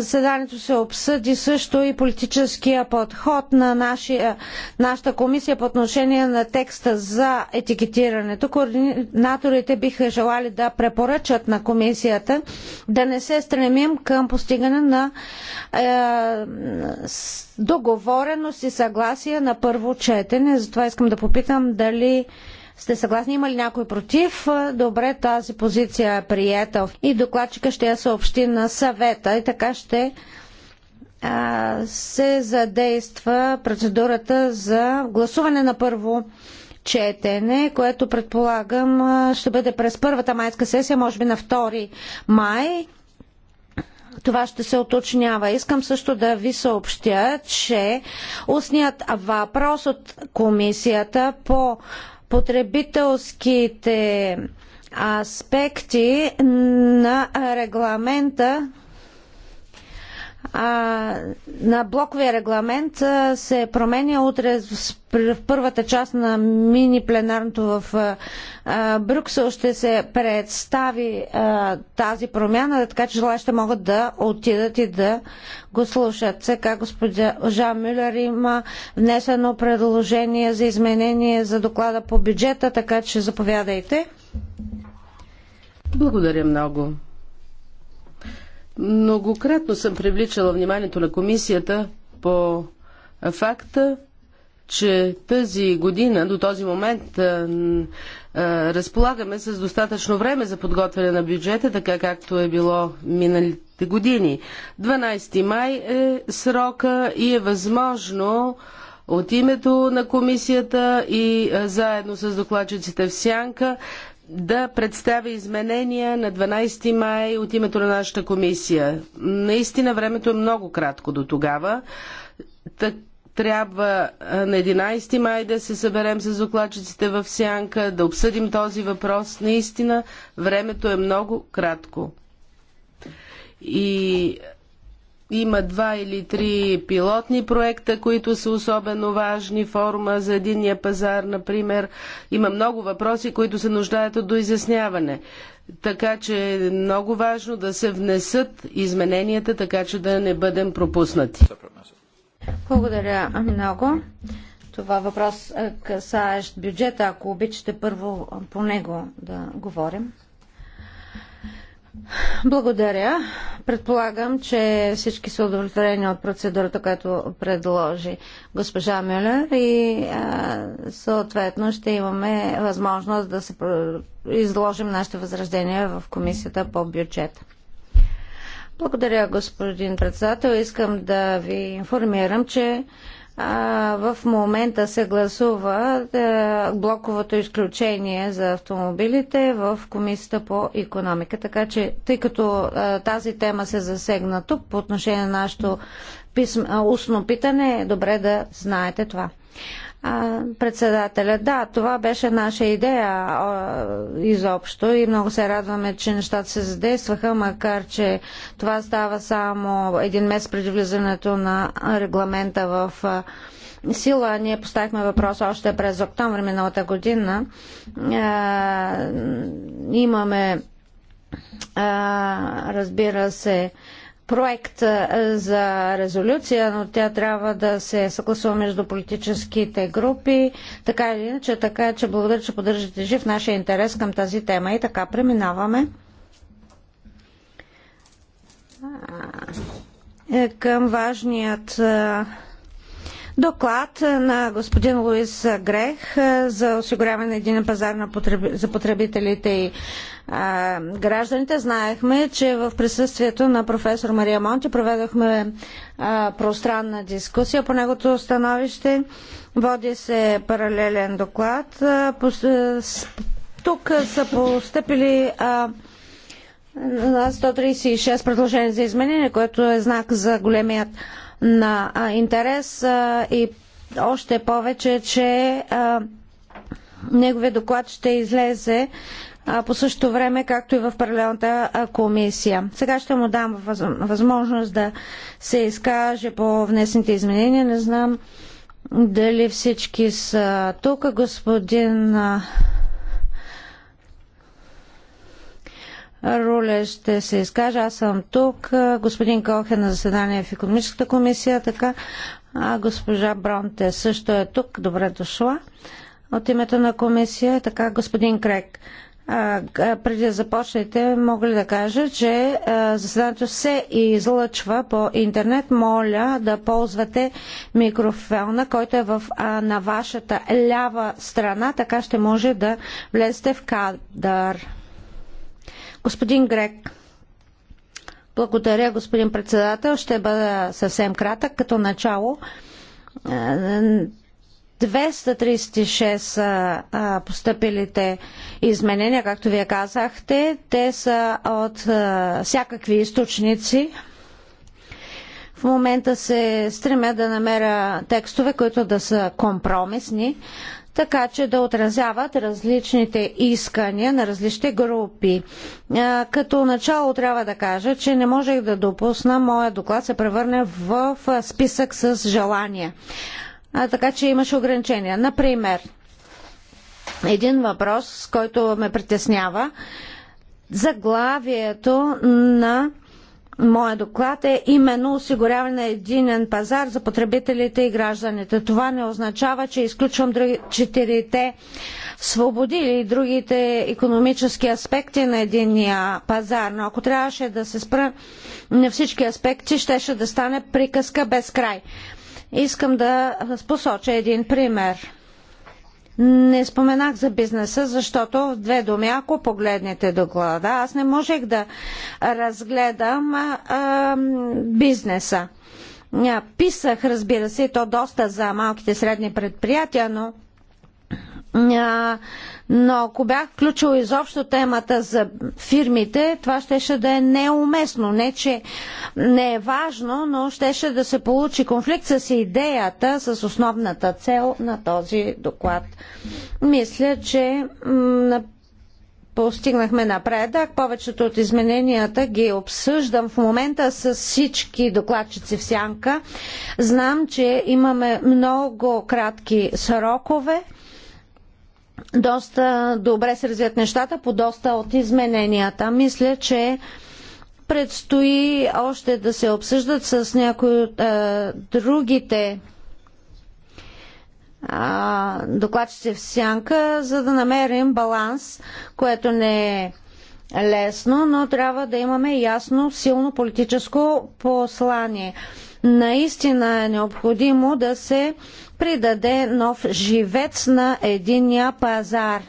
заседанието се обсъди също и политическия подход на нашия, нашата комисия по отношение на текста за етикетирането. Координаторите биха желали да препоръчат на комисията да не се стремим към постигане на е, договореност и съгласие на първо четене. Затова искам да попитам дали сте съгласни? Има ли някой против? Добре, тази позиция е приета. И докладчика ще я съобщи на съвета и така ще а, се задейства процедурата за гласуване на първо четене, което предполагам ще бъде през първата майска сесия, може би на 2 май. Това ще се оточнява. Искам също да ви съобщя, че устният въпрос от комисията по потребителските аспекти на регламента а, на блоковия регламент а, се променя утре в, първата част на мини пленарното в а, Брюксел ще се представи а, тази промяна, така че желаящите могат да отидат и да го слушат. Сега господин Жан Мюллер има внесено предложение за изменение за доклада по бюджета, така че заповядайте. Благодаря много. Многократно съм привличала вниманието на комисията по факта, че тази година, до този момент, разполагаме с достатъчно време за подготвяне на бюджета, така както е било миналите години. 12 май е срока и е възможно от името на комисията и заедно с докладчиците в Сянка да представя изменения на 12 май от името на нашата комисия. Наистина времето е много кратко до тогава. Так, трябва на 11 май да се съберем с докладчиците в Сянка, да обсъдим този въпрос. Наистина времето е много кратко. И има два или три пилотни проекта, които са особено важни. Форума за единния пазар, например. Има много въпроси, които се нуждаят от доизясняване. Така че е много важно да се внесат измененията, така че да не бъдем пропуснати. Благодаря много. Това въпрос е, касаещ бюджета, ако обичате първо по него да говорим. Благодаря. Предполагам, че всички са удовлетворени от процедурата, която предложи госпожа Мюлер и а, съответно ще имаме възможност да се изложим нашите възраждения в комисията по бюджет. Благодаря, господин председател. Искам да ви информирам, че в момента се гласува е, блоковото изключение за автомобилите в Комисията по економика. Така че, тъй като е, тази тема се засегна тук по отношение на нашето писм... Е, устно питане, е добре да знаете това председателя. Да, това беше наша идея а, изобщо и много се радваме, че нещата се задействаха, макар че това става само един месец преди влизането на регламента в а, сила. Ние поставихме въпрос още през октомври миналата година. А, имаме, разбира се, проект за резолюция, но тя трябва да се съгласува между политическите групи. Така или иначе, така че благодаря, че поддържате жив нашия интерес към тази тема. И така преминаваме е, към важният Доклад е, на господин Луис Грех е, за осигуряване на един пазар на потреб... за потребителите и а, гражданите. Знаехме, че в присъствието на професор Мария Монти проведохме а, е, пространна дискусия по негото становище. Води се паралелен доклад. А, по... с... Тук са постъпили а, на 136 предложения за изменение, което е знак за големият на интерес и още повече, че неговия доклад ще излезе по същото време, както и в паралелната комисия. Сега ще му дам възможност да се изкаже по внесените изменения. Не знам дали всички са тук. Господин роля ще се изкажа. Аз съм тук. Господин Кох е на заседание в економическата комисия, така. А госпожа Бронте също е тук. Добре дошла. От името на комисия, така господин Крек. А, преди да започнете, мога ли да кажа, че а, заседанието се излъчва по интернет. Моля да ползвате микрофона, който е в, а, на вашата лява страна, така ще може да влезете в кадър. Господин Грек, благодаря, господин председател. Ще бъда съвсем кратък. Като начало, 236 е, а, а, постъпилите изменения, както вие казахте. Те са от а, всякакви източници. В момента се стремя да намеря текстове, които да са компромисни, така че да отразяват различните искания на различните групи. Като начало трябва да кажа, че не можех да допусна моя доклад се превърне в списък с желания. А, така че имаше ограничения. Например, един въпрос, който ме притеснява, заглавието на Моя доклад е именно осигуряване на единен пазар за потребителите и гражданите. Това не означава, че изключвам други, четирите свободи или другите економически аспекти на единния пазар. Но ако трябваше да се спра на всички аспекти, щеше да стане приказка без край. Искам да посоча един пример не споменах за бизнеса, защото в две думи, ако погледнете доклада, аз не можех да разгледам а, а, бизнеса. Писах, разбира се, то доста за малките средни предприятия, но а, но ако бях включил изобщо темата за фирмите, това щеше да е неуместно. Не, че не е важно, но щеше да се получи конфликт с идеята, с основната цел на този доклад. Мисля, че постигнахме напредък. Повечето от измененията ги обсъждам в момента с всички докладчици в сянка. Знам, че имаме много кратки срокове доста добре се развият нещата по доста от измененията. Мисля, че предстои още да се обсъждат с някои от е, другите докладчици в сянка, за да намерим баланс, което не е лесно, но трябва да имаме ясно, силно политическо послание. Наистина е необходимо да се придаде нов живец на единия пазар.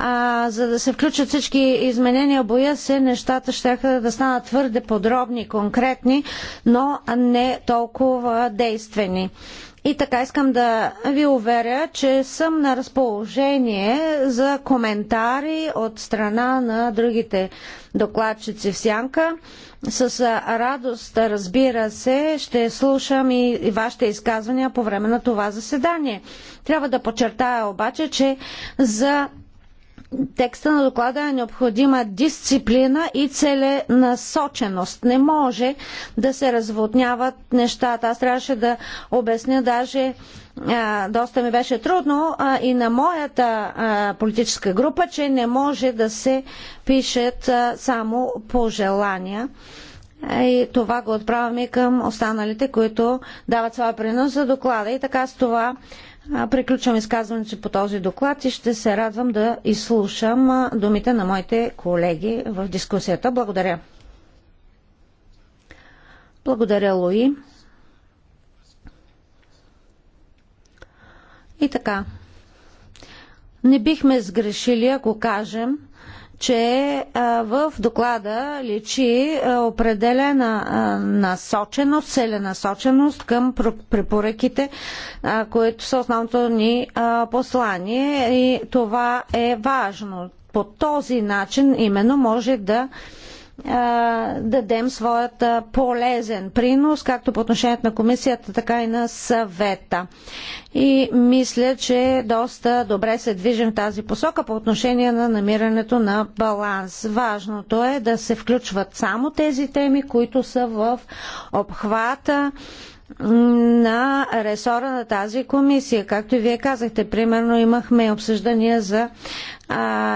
А, за да се включат всички изменения, боя се, нещата ще да станат твърде подробни, конкретни, но не толкова действени. И така искам да ви уверя, че съм на разположение за коментари от страна на другите докладчици в Сянка. С радост, разбира се, ще слушам и вашите изказвания по време на това заседание. Трябва да подчертая обаче, че за текста на доклада е необходима дисциплина и целенасоченост. Не може да се разводняват нещата. Аз трябваше да обясня даже а, доста ми беше трудно а, и на моята а, политическа група, че не може да се пишат а, само пожелания. И това го отправяме към останалите, които дават своя принос за доклада. И така с това Приключвам изказването си по този доклад и ще се радвам да изслушам думите на моите колеги в дискусията. Благодаря. Благодаря, Луи. И така. Не бихме сгрешили, ако кажем, че в доклада личи определена насоченост, целенасоченост към препоръките, които са основното ни послание и това е важно. По този начин именно може да дадем своят полезен принос, както по отношението на комисията, така и на съвета. И мисля, че доста добре се движим в тази посока по отношение на намирането на баланс. Важното е да се включват само тези теми, които са в обхвата на ресора на тази комисия. Както и вие казахте, примерно имахме обсъждания за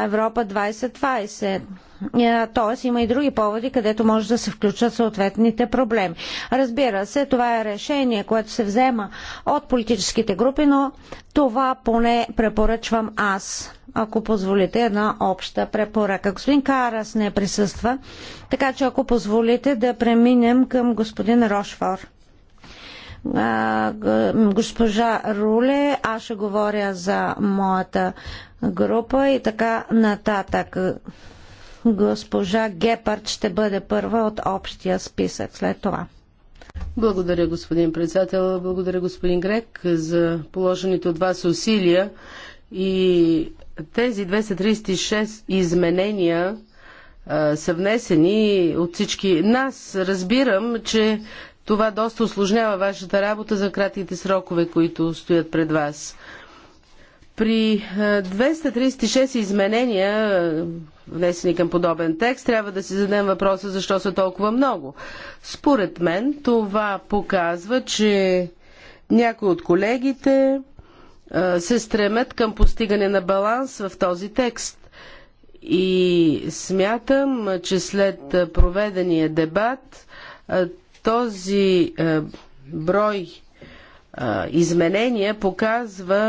Европа 2020. Тоест има и други поводи, където може да се включат съответните проблеми. Разбира се, това е решение, което се взема от политическите групи, но това поне препоръчвам аз. Ако позволите, една обща препоръка. Господин Карас не присъства, така че ако позволите да преминем към господин Рошфор госпожа Руле, аз ще говоря за моята група и така нататък. Госпожа Гепард ще бъде първа от общия списък след това. Благодаря, господин председател. Благодаря, господин Грек, за положените от вас усилия. И тези 236 изменения а, са внесени от всички нас. Разбирам, че това доста осложнява вашата работа за кратките срокове, които стоят пред вас. При 236 е, изменения, внесени към подобен текст, трябва да си зададем въпроса защо са толкова много. Според мен това показва, че някои от колегите е, се стремят към постигане на баланс в този текст. И смятам, че след проведения дебат е, този брой изменения показва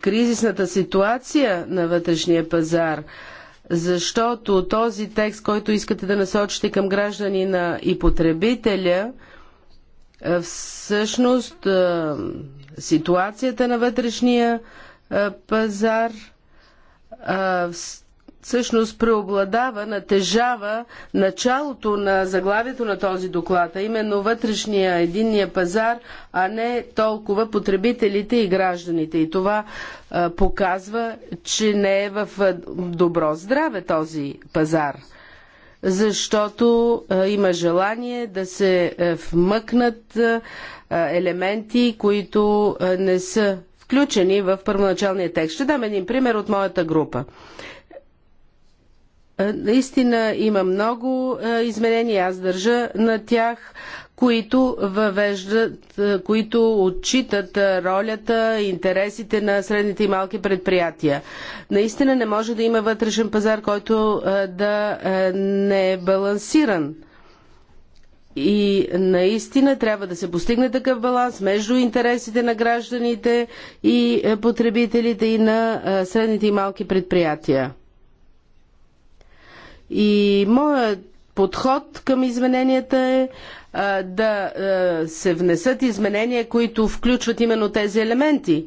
кризисната ситуация на вътрешния пазар, защото този текст, който искате да насочите към гражданина и потребителя, е, всъщност е, ситуацията на вътрешния е, пазар всъщност преобладава, натежава началото на заглавието на този доклад, а именно вътрешния единния пазар, а не толкова потребителите и гражданите. И това а, показва, че не е в добро здраве този пазар, защото а, има желание да се а, вмъкнат елементи, които не са включени в първоначалния текст. Ще дам един пример от моята група. Е, наистина има много е, изменения, аз държа на тях, които въвеждат, е, които отчитат ролята, интересите на средните и малки предприятия. Наистина не може да има вътрешен пазар, който да не е балансиран. И наистина трябва да се постигне такъв баланс между интересите на гражданите и потребителите и на средните и малки предприятия. И моят подход към измененията е а, да а, се внесат изменения, които включват именно тези елементи.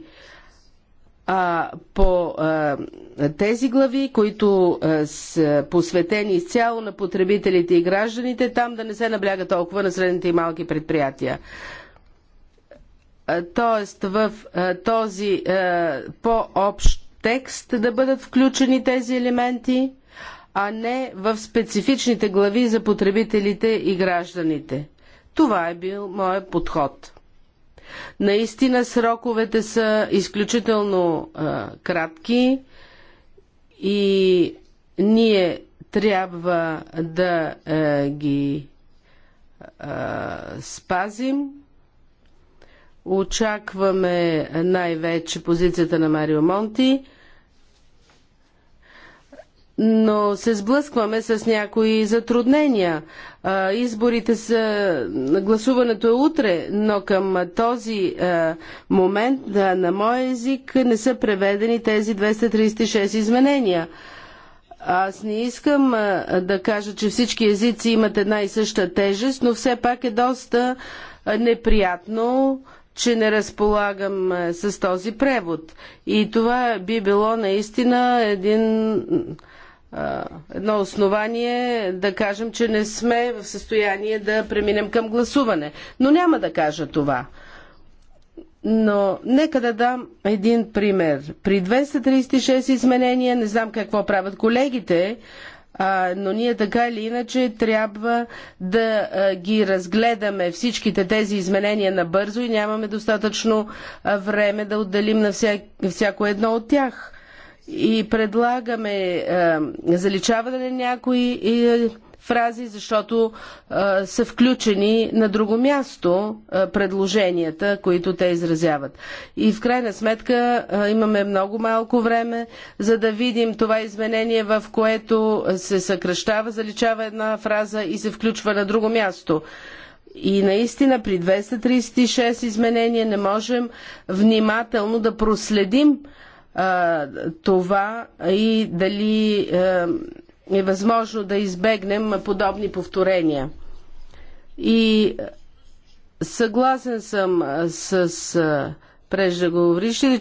А, по а, тези глави, които а, са посветени изцяло на потребителите и гражданите, там да не се набляга толкова на средните и малки предприятия. тоест в а, този по-общ текст да бъдат включени тези елементи а не в специфичните глави за потребителите и гражданите. Това е бил моят подход. Наистина сроковете са изключително а, кратки и ние трябва да а, ги а, спазим. Очакваме най-вече позицията на Марио Монти но се сблъскваме с някои затруднения. Изборите са, гласуването е утре, но към този момент да, на мой език не са преведени тези 236 изменения. Аз не искам да кажа, че всички езици имат една и съща тежест, но все пак е доста неприятно че не разполагам с този превод. И това би било наистина един едно основание да кажем, че не сме в състояние да преминем към гласуване. Но няма да кажа това. Но нека да дам един пример. При 236 изменения, не знам какво правят колегите, а, но ние така или иначе трябва да а, ги разгледаме всичките тези изменения набързо и нямаме достатъчно а, време да отделим на вся, всяко едно от тях и предлагаме е, заличаване на някои е, фрази, защото е, са включени на друго място предложенията, които те изразяват. И в крайна сметка имаме много малко време, за да видим това изменение, в което се съкръщава, заличава една фраза и се включва на друго място. И наистина при 236 изменения не можем внимателно да проследим това и дали е възможно да избегнем подобни повторения. И съгласен съм с а,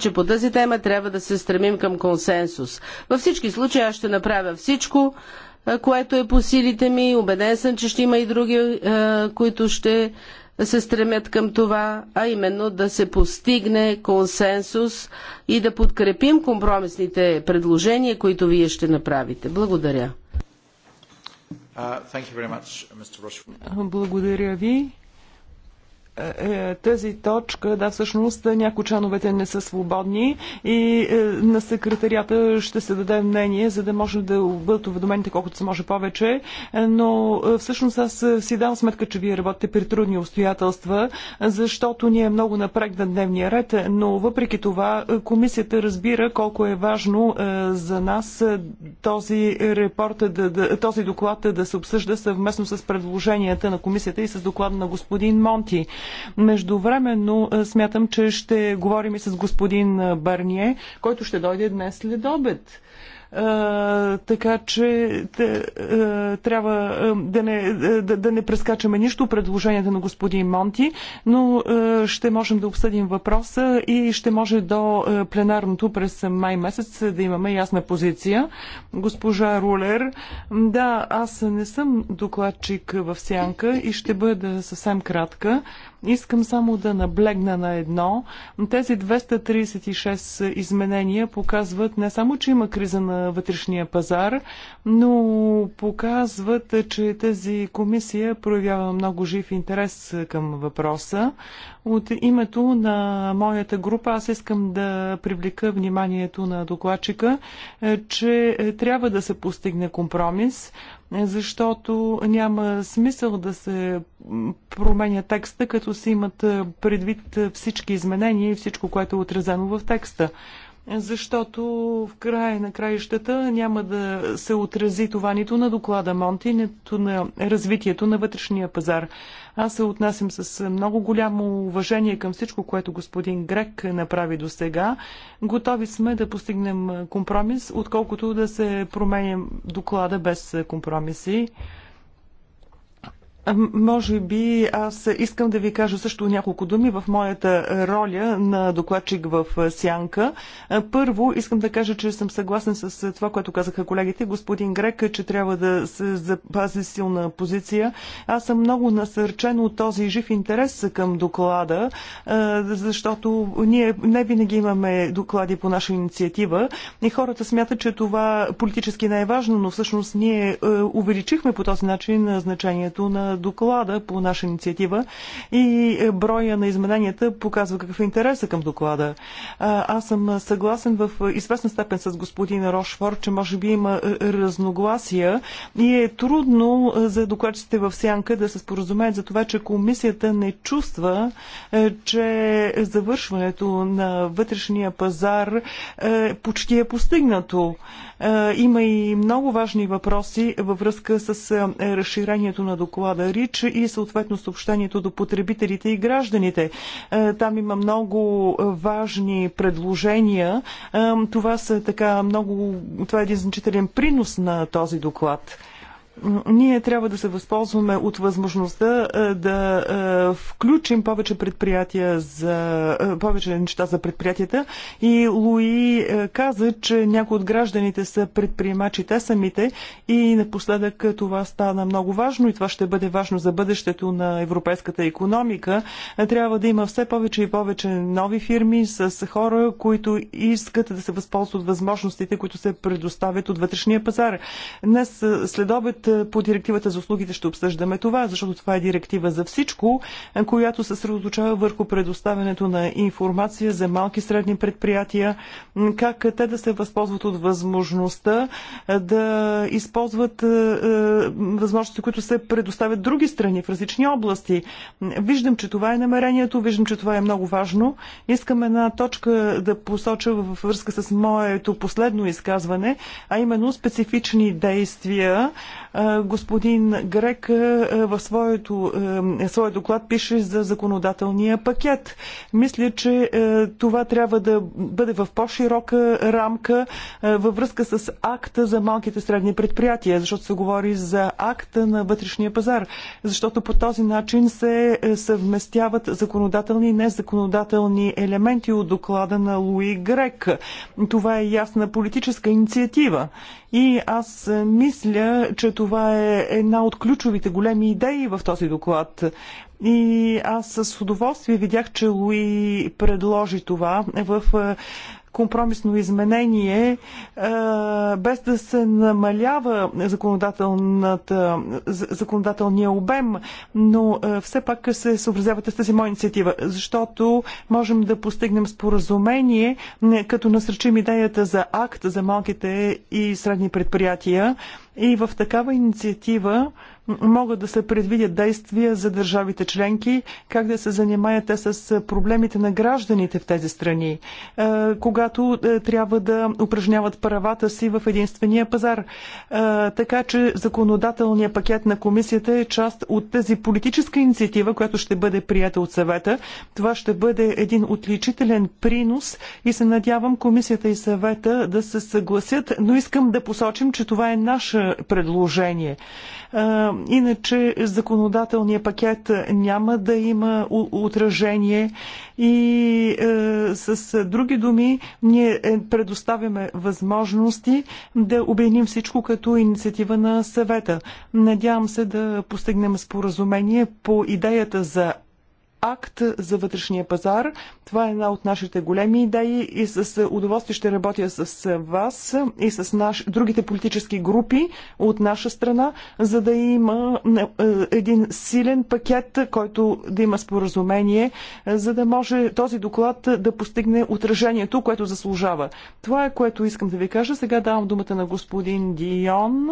че по тази тема трябва да се стремим към консенсус. Във всички случаи аз ще направя всичко, което е по силите ми. Убеден съм, че ще има и други, които ще се стремят към това, а именно да се постигне консенсус и да подкрепим компромисните предложения, които вие ще направите. Благодаря. Uh, Благодаря ви. Е, тази точка, да, всъщност някои чановете не са свободни и е, на секретарията ще се даде мнение, за да може да бъдат уведомените колкото се може повече, е, но всъщност аз си дам сметка, че вие работите при трудни обстоятелства, защото ние много напрег на дневния ред, но въпреки това комисията разбира колко е важно за нас този репорт, да, да, този доклад да се обсъжда съвместно с предложенията на комисията и с доклада на господин Монти. Междувременно е, смятам, че ще говорим и с господин е, Барние, който ще дойде днес след обед е, така че трябва да не, да, да не прескачаме нищо предложенията на господин Монти, но ще можем да обсъдим въпроса и ще може до пленарното през май месец да имаме ясна позиция. Госпожа Рулер, да, аз не съм докладчик в Сянка и ще бъда съвсем кратка. Искам само да наблегна на едно. Тези 236 изменения показват не само, че има криза на вътрешния пазар, но показват, че тази комисия проявява много жив интерес към въпроса. От името на моята група аз искам да привлека вниманието на докладчика, че трябва да се постигне компромис защото няма смисъл да се променя текста, като се имат предвид всички изменения и всичко, което е отразено в текста защото в края на краищата няма да се отрази това нито на доклада Монти, нито на развитието на вътрешния пазар. Аз се отнасям с много голямо уважение към всичко, което господин Грек направи до сега. Готови сме да постигнем компромис, отколкото да се променя доклада без компромиси. Може би аз искам да ви кажа също няколко думи в моята роля на докладчик в Сянка. Първо искам да кажа, че съм съгласен с това, което казаха колегите. Господин Грек, че трябва да се запази силна позиция. Аз съм много насърчен от този жив интерес към доклада, защото ние не винаги имаме доклади по наша инициатива и хората смятат, че това политически не е важно, но всъщност ние увеличихме по този начин значението на доклада по наша инициатива и броя на измененията показва какъв е интереса към доклада. Аз съм съгласен в известна степен с господин Рошфор, че може би има разногласия и е трудно за докладчите в сянка да се споразумеят за това, че комисията не чувства, че завършването на вътрешния пазар почти е постигнато. Е, има и много важни въпроси във връзка с е, разширението на доклада РИЧ и съответно съобщението до потребителите и гражданите. Е, там има много важни предложения. Това са така много... Това е един значителен принос на този доклад ние трябва да се възползваме от възможността е, да е, включим повече предприятия за е, повече неща за предприятията и Луи каза, че някои от гражданите са предприемачи те самите и напоследък това стана много важно и това ще бъде важно за бъдещето на европейската економика. Трябва да има все повече и повече нови фирми с хора, които искат да се възползват от възможностите, които се предоставят от вътрешния пазар. Днес след обед по директивата за услугите ще обсъждаме това, защото това е директива за всичко, която се средоточава върху предоставянето на информация за малки и средни предприятия, как те да се възползват от възможността да използват възможности, които се предоставят други страни в различни области. Виждам, че това е намерението, виждам, че това е много важно. Искам една точка да посоча във връзка с моето последно изказване, а именно специфични действия Господин Грек в своето, своя доклад пише за законодателния пакет. Мисля, че това трябва да бъде в по-широка рамка във връзка с акта за малките средни предприятия, защото се говори за акта на вътрешния пазар, защото по този начин се е, съвместяват законодателни и незаконодателни елементи от доклада на Луи Грек. Това е ясна политическа инициатива. И аз е, мисля, че това това е една от ключовите големи идеи в този доклад. И аз с удоволствие видях, че Луи предложи това в е, компромисно изменение, е, без да се намалява законодателния обем, но е, все пак се съобразявате с тази моя инициатива, защото можем да постигнем споразумение, като насръчим идеята за акт за малките и средни предприятия. И в такава инициатива могат да се предвидят действия за държавите членки, как да се занимаят те с проблемите на гражданите в тези страни, когато трябва да упражняват правата си в единствения пазар. Така че законодателният пакет на комисията е част от тази политическа инициатива, която ще бъде прията от съвета. Това ще бъде един отличителен принос и се надявам комисията и съвета да се съгласят, но искам да посочим, че това е наше предложение. Иначе законодателният пакет няма да има отражение и е, с други думи ние е, предоставяме възможности да обединим всичко като инициатива на съвета. Надявам се да постигнем споразумение по идеята за акт за вътрешния пазар. Това е една от нашите големи идеи и с удоволствие ще работя с вас и с наш, другите политически групи от наша страна, за да има е, един силен пакет, който да има споразумение, за да може този доклад да постигне отражението, което заслужава. Това е което искам да ви кажа. Сега давам думата на господин Дион.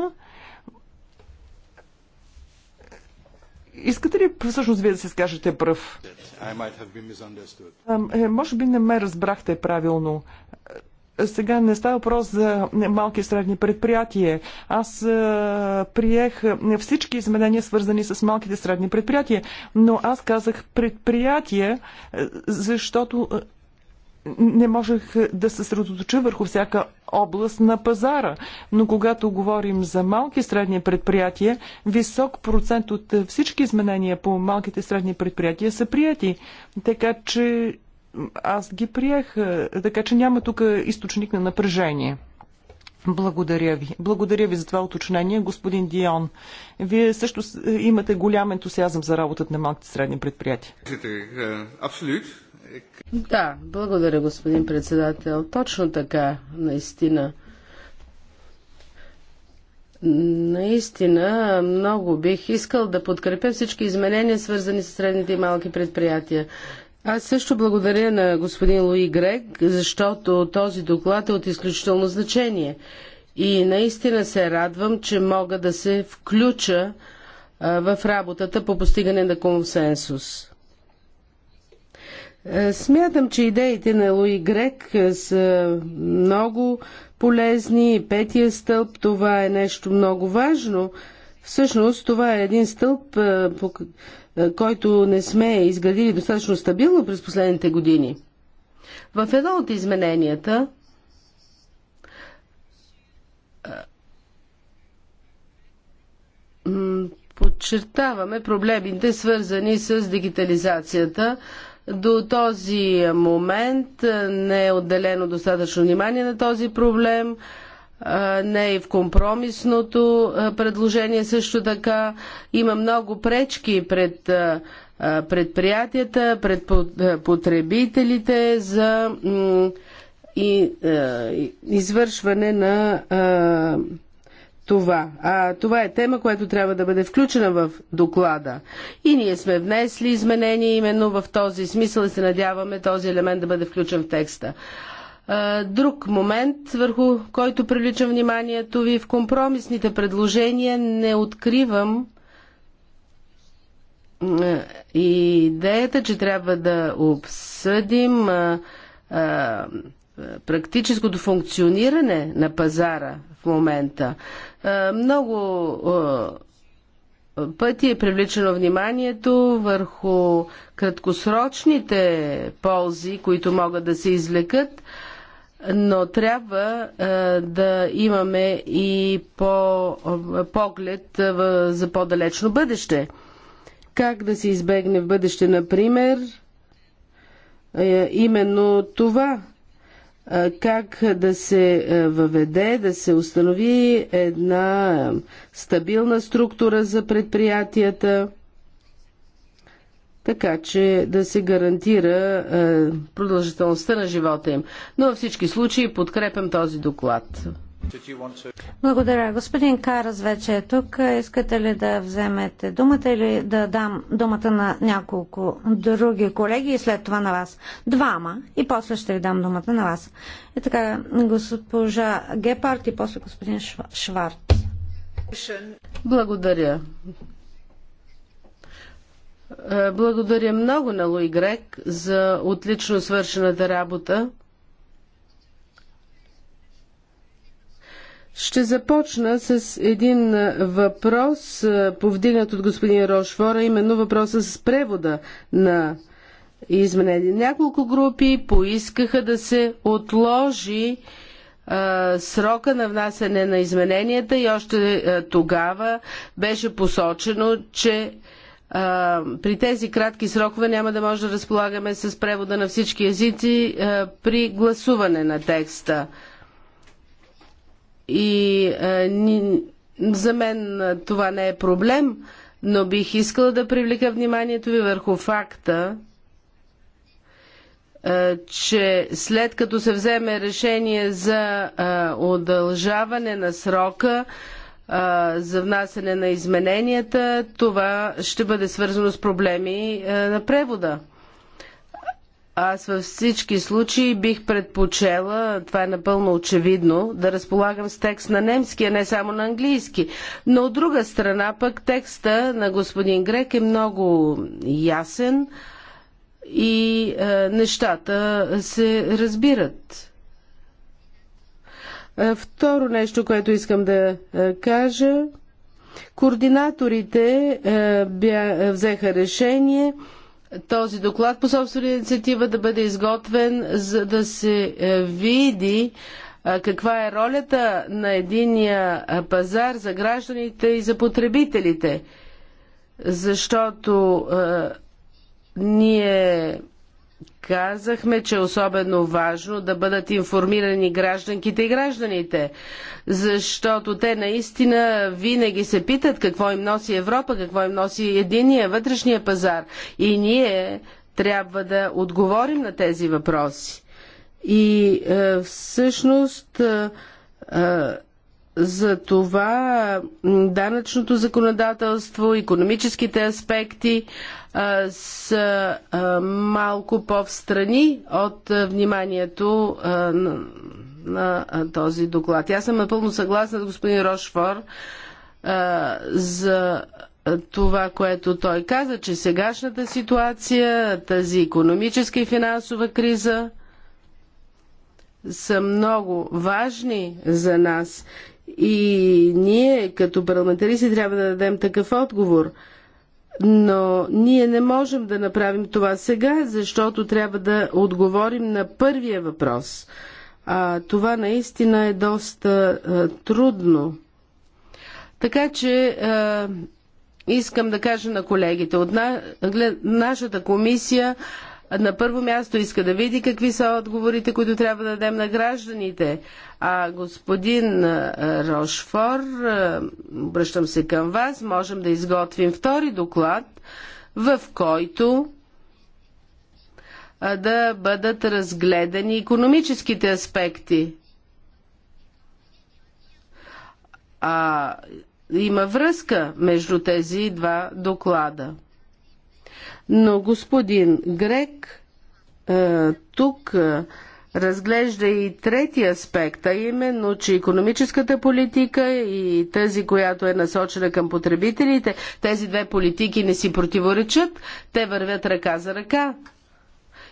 Искате ли всъщност вие да се скажете пръв? Е, може би не ме разбрахте правилно. Е, сега не става въпрос за малки и средни предприятия. Аз е, приех всички изменения, свързани с малките и средни предприятия, но аз казах предприятия, защото не можех да се средоточа върху всяка област на пазара. Но когато говорим за малки и средни предприятия, висок процент от всички изменения по малките и средни предприятия са прияти. Така че аз ги приех. Така че няма тук източник на напрежение. Благодаря ви. Благодаря ви за това уточнение, господин Дион. Вие също имате голям ентусиазъм за работата на малките и средни предприятия. Абсолютно. Да, благодаря, господин председател. Точно така, наистина. Наистина, много бих искал да подкрепя всички изменения, свързани с средните и малки предприятия. Аз също благодаря на господин Луи Грег, защото този доклад е от изключително значение. И наистина се радвам, че мога да се включа в работата по постигане на консенсус. Е, смятам, че идеите на Луи Грек е, са много полезни. Петия стълб, това е нещо много важно. Всъщност, това е един стълб, е, който не сме изградили достатъчно стабилно през последните години. В едно от измененията подчертаваме проблемите, свързани с дигитализацията, до този момент не е отделено достатъчно внимание на този проблем, не е и в компромисното предложение също така. Има много пречки пред предприятията, пред потребителите за извършване на това. А, това е тема, която трябва да бъде включена в доклада. И ние сме внесли изменения именно в този смисъл и се надяваме този елемент да бъде включен в текста. А, друг момент, върху който приличам вниманието ви в компромисните предложения, не откривам идеята, че трябва да обсъдим а, а, практическото функциониране на пазара в момента. Е, много е, пъти е привличано вниманието върху краткосрочните ползи, които могат да се извлекат, но трябва е, да имаме и по, поглед за по-далечно бъдеще. Как да се избегне в бъдеще, например, именно това как да се въведе, да се установи една стабилна структура за предприятията, така че да се гарантира продължителността на живота им. Но във всички случаи подкрепям този доклад. Благодаря. Господин Карас вече е тук. Искате ли да вземете думата или да дам думата на няколко други колеги и след това на вас? Двама и после ще ви дам думата на вас. И така, госпожа Гепард и после господин Шварт. Благодаря. Е, благодаря много на Луи Грек за отлично свършената работа. Ще започна с един въпрос, повдигнат от господин Рошфора, именно въпроса с превода на изменение. Няколко групи поискаха да се отложи а, срока на внасяне на измененията и още а, тогава беше посочено, че а, при тези кратки срокове няма да може да разполагаме с превода на всички езици при гласуване на текста. И а, е, ни, за мен това не е проблем, но бих искала да привлека вниманието ви върху факта, е, че след като се вземе решение за а, е, удължаване на срока за внасене на измененията, това ще бъде свързано с проблеми на превода. Аз във всички случаи бих предпочела, това е напълно очевидно, да разполагам с текст на немски, а не само на английски. Но от друга страна пък текста на господин Грек е много ясен и е, нещата се разбират. Е, второ нещо, което искам да е, кажа. Координаторите е, бя, взеха решение този доклад по собствена инициатива да бъде изготвен, за да се е, види е, каква е ролята на единия е, пазар за гражданите и за потребителите. Защото ние казахме, че е особено важно да бъдат информирани гражданките и гражданите, защото те наистина винаги се питат какво им носи Европа, какво им носи единия вътрешния пазар. И ние трябва да отговорим на тези въпроси. И е, всъщност. Е, е за това данъчното законодателство, економическите аспекти а, са а, малко по-встрани от а, вниманието на, на този доклад. Аз съм напълно съгласна с господин Рошфор за това, което той каза, че сегашната ситуация, тази економическа и финансова криза са много важни за нас и ние като парламентаристи трябва да дадем такъв отговор. Но ние не можем да направим това сега, защото трябва да отговорим на първия въпрос. А това наистина е доста а, трудно. Така че а, искам да кажа на колегите от на, нашата комисия на първо място иска да види какви са отговорите, които трябва да дадем на гражданите. А господин Рошфор, обръщам се към вас, можем да изготвим втори доклад, в който да бъдат разгледани економическите аспекти. А, има връзка между тези два доклада. Но господин Грек е, тук е, разглежда и трети аспект, а именно, че економическата политика и тази, която е насочена към потребителите, тези две политики не си противоречат, те вървят ръка за ръка.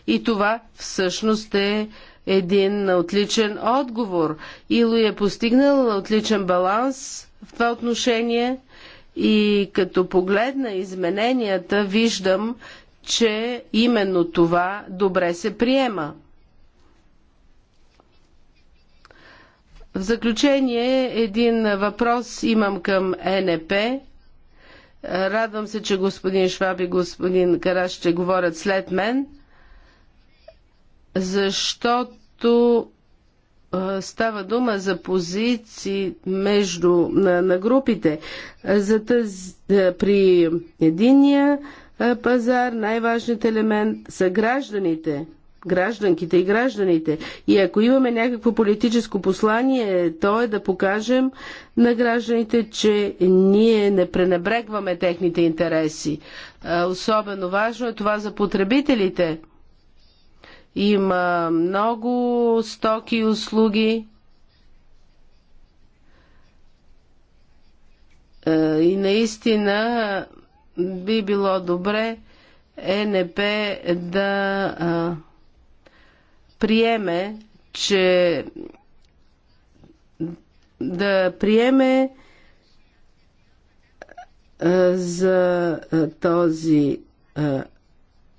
И това всъщност е един отличен отговор. Ило е постигнал отличен баланс в това отношение – и като погледна измененията, виждам, че именно това добре се приема. В заключение, един въпрос имам към НП. Радвам се, че господин Шваб и господин Караш ще говорят след мен, защото става дума за позиции между на, на групите. За тази, при единия пазар най-важният елемент са гражданите, гражданките и гражданите. И ако имаме някакво политическо послание, то е да покажем на гражданите, че ние не пренебрегваме техните интереси. Особено важно е това за потребителите – има много стоки и услуги. Е, и наистина би било добре ЕНП да приеме, че да приеме за този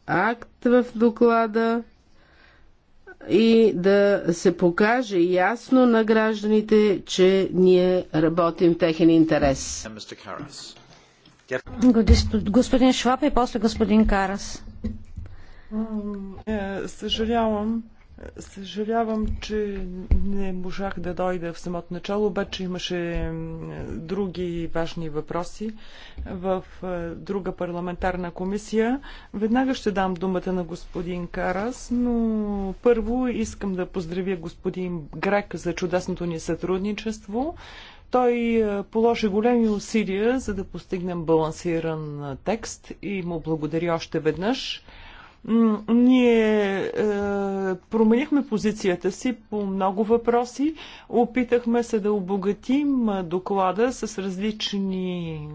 акт в доклада и да се покаже ясно на гражданите, че ние работим в техен интерес. Господин Шваб и после господин Карас. Е, съжалявам, Съжалявам, че не можах да дойда в самото начало, обаче имаше други важни въпроси в е, друга парламентарна комисия. Веднага ще дам думата на господин Карас, но първо искам да поздравя господин Грек за чудесното ни сътрудничество. Той е, положи големи усилия, за да постигнем балансиран е, текст и му благодаря още веднъж. Ние е, променихме позицията си по много въпроси. Опитахме се да обогатим е, доклада с различни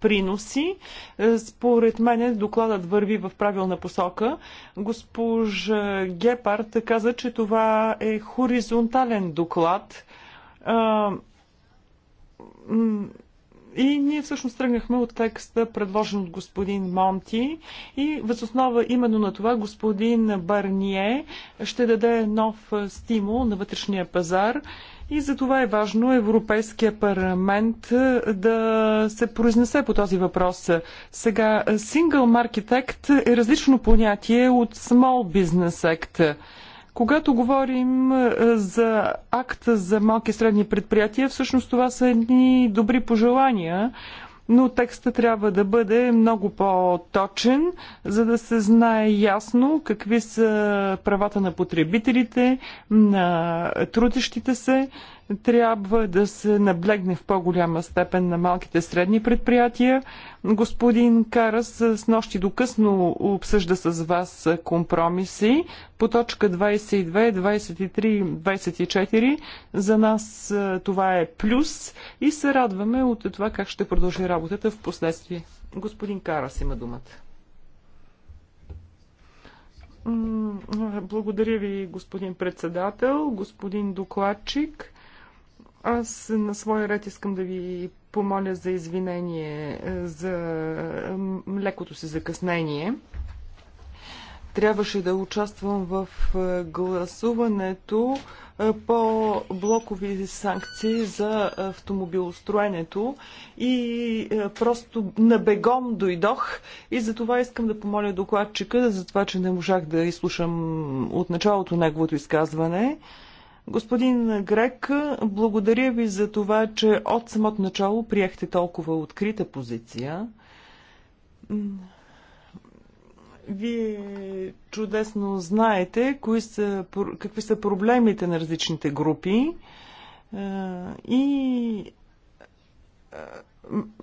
приноси. Е, според мен докладът върви в правилна посока. Госпожа Гепард каза, че това е хоризонтален доклад е, и ние всъщност тръгнахме от текста, предложен от господин Монти и възоснова именно на това господин Барние ще даде нов стимул на вътрешния пазар и за това е важно Европейския парламент да се произнесе по този въпрос. Сега, Single Market Act е различно понятие от Small Business Act. Когато говорим е, за акта за малки и средни предприятия, всъщност това са едни добри пожелания, но текста трябва да бъде много по-точен, за да се знае ясно какви са правата на потребителите, на трудещите се, трябва да се наблегне в по-голяма степен на малките средни предприятия. Господин Карас с нощи до късно обсъжда с вас компромиси по точка 22, 23, 24. За нас е, това е плюс и се радваме от това как ще продължи работата в последствие. Господин Карас има думата. Благодаря ви, господин председател, господин докладчик. Аз на своя ред искам да ви помоля за извинение е, за лекото си закъснение. Трябваше да участвам в е, гласуването е, по блокови санкции за автомобилостроенето и просто на бегом дойдох и за това искам да помоля докладчика, за това, че не можах да изслушам от началото неговото изказване. Господин Грек, благодаря ви за това, че от самото начало приехте толкова открита позиция. Вие чудесно знаете кои са, какви са проблемите на различните групи е, и е,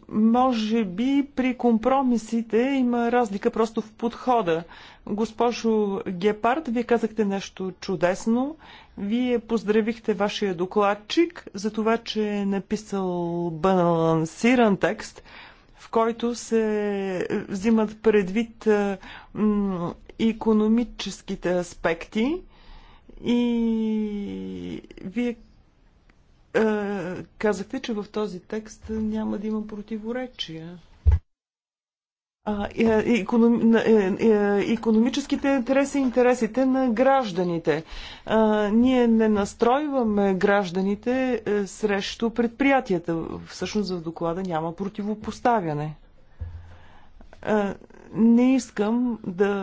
може би при компромисите има разлика просто в подхода. Госпожо Гепард, вие казахте нещо чудесно. Вие поздравихте вашия докладчик за това, че е написал балансиран текст, в който се взимат предвид економическите аспекти. И вие казахте, че в този текст няма да има противоречия а, економ, е, економическите е, интереси и интересите на гражданите. А, ние не настройваме гражданите е, срещу предприятията. Всъщност в доклада няма противопоставяне. А, не искам да,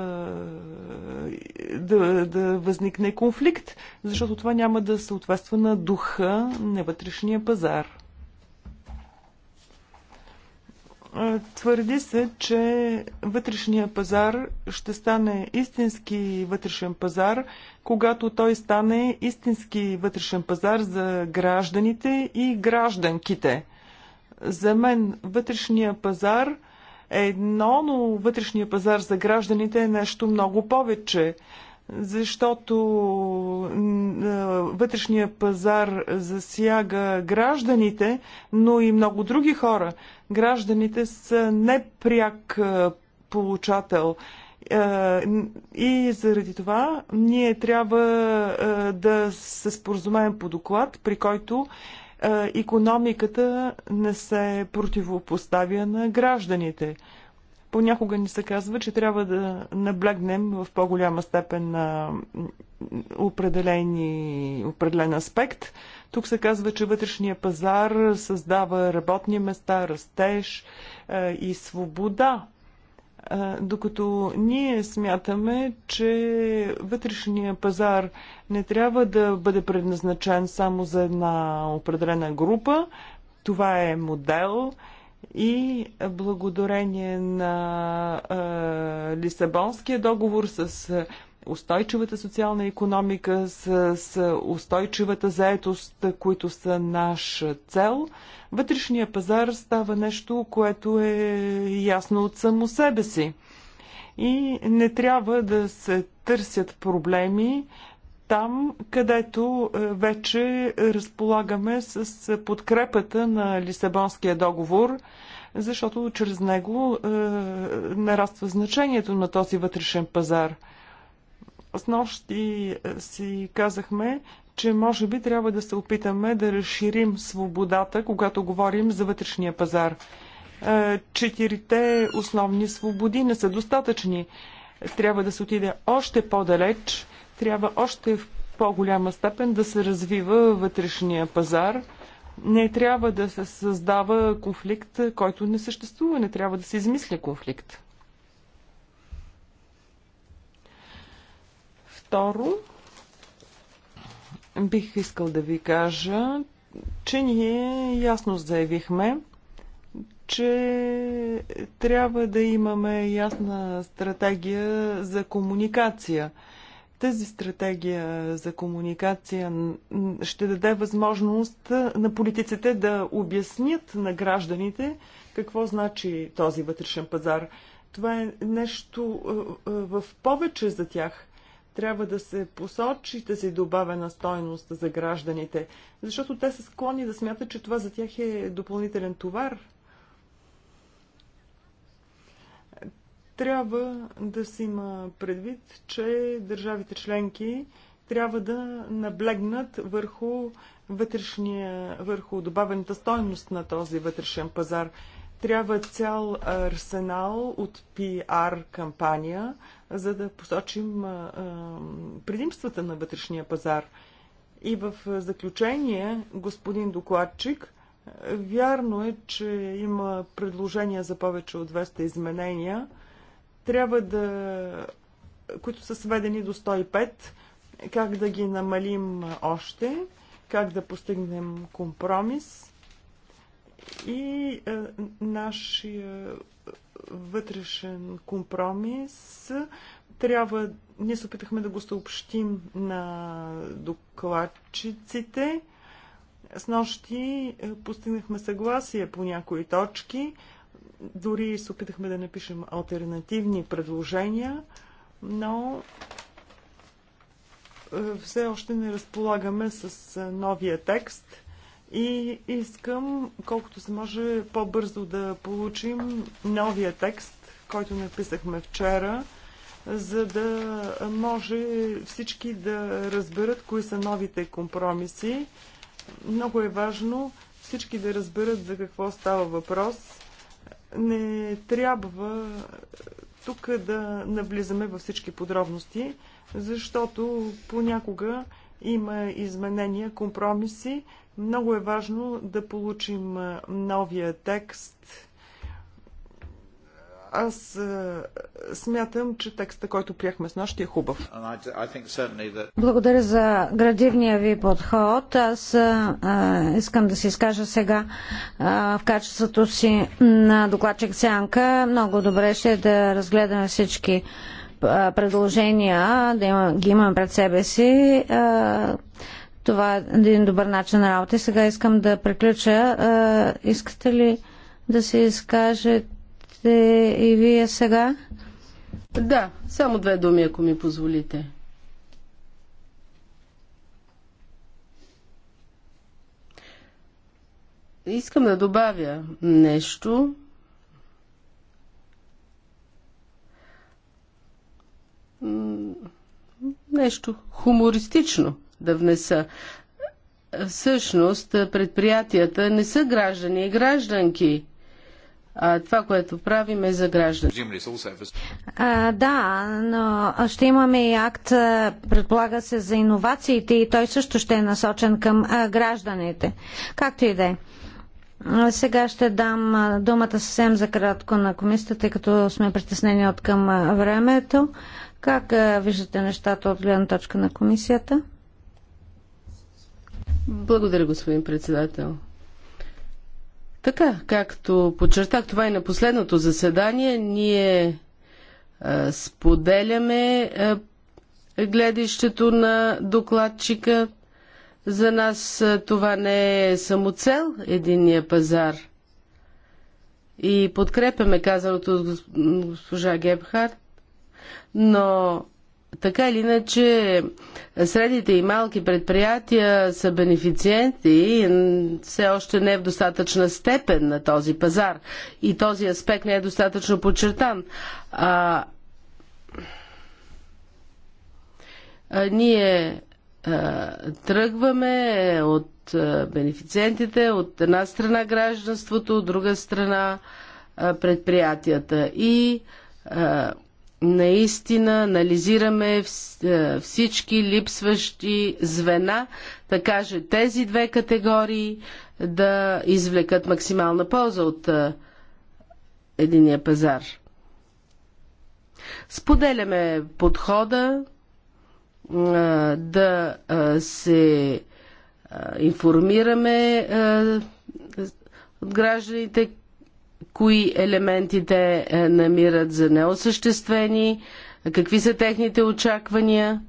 да, да възникне конфликт, защото това няма да съответства на духа на вътрешния пазар. Твърди се, че вътрешния пазар ще стане истински вътрешен пазар, когато той стане истински вътрешен пазар за гражданите и гражданките. За мен вътрешния пазар е едно, но вътрешния пазар за гражданите е нещо много повече защото вътрешния пазар засяга гражданите, но и много други хора. Гражданите са непряк получател. И заради това ние трябва да се споразумеем по доклад, при който економиката не се противопоставя на гражданите. Понякога ни се казва, че трябва да наблегнем в по-голяма степен на определени, определен аспект. Тук се казва, че вътрешния пазар създава работни места, растеж е, и свобода. Е, докато ние смятаме, че вътрешния пазар не трябва да бъде предназначен само за една определена група, това е модел, и благодарение на е, Лисабонския договор с устойчивата социална економика, с, с устойчивата заетост, които са наша цел, вътрешния пазар става нещо, което е ясно от само себе си. И не трябва да се търсят проблеми, там, където е, вече разполагаме с подкрепата на Лисабонския договор, защото чрез него е, нараства значението на този вътрешен пазар. С нощи е, си казахме, че може би трябва да се опитаме да разширим свободата, когато говорим за вътрешния пазар. Е, четирите основни свободи не са достатъчни. Трябва да се отиде още по-далеч – трябва още в по-голяма степен да се развива вътрешния пазар. Не трябва да се създава конфликт, който не съществува. Не трябва да се измисля конфликт. Второ, бих искал да ви кажа, че ние ясно заявихме, че трябва да имаме ясна стратегия за комуникация – тази стратегия за комуникация ще даде възможност на политиците да обяснят на гражданите какво значи този вътрешен пазар. Това е нещо е, е, в повече за тях трябва да се посочи тази добавя добавена стойност за гражданите, защото те са склонни да смятат, че това за тях е допълнителен товар. Трябва да се има предвид, че държавите членки трябва да наблегнат върху вътрешния, върху добавената стойност на този вътрешен пазар. Трябва цял арсенал от PR кампания, за да посочим предимствата на вътрешния пазар. И в заключение, господин докладчик, вярно е, че има предложения за повече от 200 изменения – трябва да, които са сведени до 105, как да ги намалим още, как да постигнем компромис и е, нашия вътрешен компромис трябва, ние се опитахме да го съобщим на докладчиците. С нощи е, постигнахме съгласие по някои точки, дори се опитахме да напишем альтернативни предложения, но е, все още не разполагаме с е, новия текст и искам колкото се може по-бързо да получим новия текст, който написахме вчера, за да може всички да разберат кои са новите компромиси. Много е важно всички да разберат за какво става въпрос не трябва тук да навлизаме във всички подробности, защото понякога има изменения, компромиси. Много е важно да получим новия текст аз е, смятам, че текста, който приехме с нощи е хубав. Благодаря за градивния ви подход. Аз а, е, е, искам да се изкажа сега а, в качеството си на докладчик Сянка. Много добре ще да разгледаме всички предложения, да има, ги имам пред себе си. Това е един добър начин на работа. И сега искам да приключа. Искате ли да се изкажете? сте и вие сега? Да, само две думи, ако ми позволите. Искам да добавя нещо. Нещо хумористично да внеса. Всъщност, предприятията не са граждани и гражданки това, което правим е за гражданите. да, но ще имаме и акт, предполага се, за иновациите и той също ще е насочен към гражданите. Както и да е. Сега ще дам думата съвсем за кратко на комисията, тъй като сме притеснени от към времето. Как виждате нещата от гледна точка на комисията? Благодаря, господин председател. Така, както подчертах, това и е на последното заседание, ние а, споделяме а, гледището на докладчика. За нас а, това не е самоцел, единния пазар. И подкрепяме казаното от госпожа Гебхарт, но така или иначе, средните и малки предприятия са бенефициенти и все още не е в достатъчна степен на този пазар. И този аспект не е достатъчно подчертан. А, а ние а, тръгваме от а, бенефициентите, от една страна гражданството, от друга страна а, предприятията. И а, наистина анализираме е, всички липсващи звена, така че тези две категории да извлекат максимална полза от е, единия пазар. Споделяме подхода е, да се информираме от гражданите кои елементи те е, намират за неосъществени, какви са техните очаквания.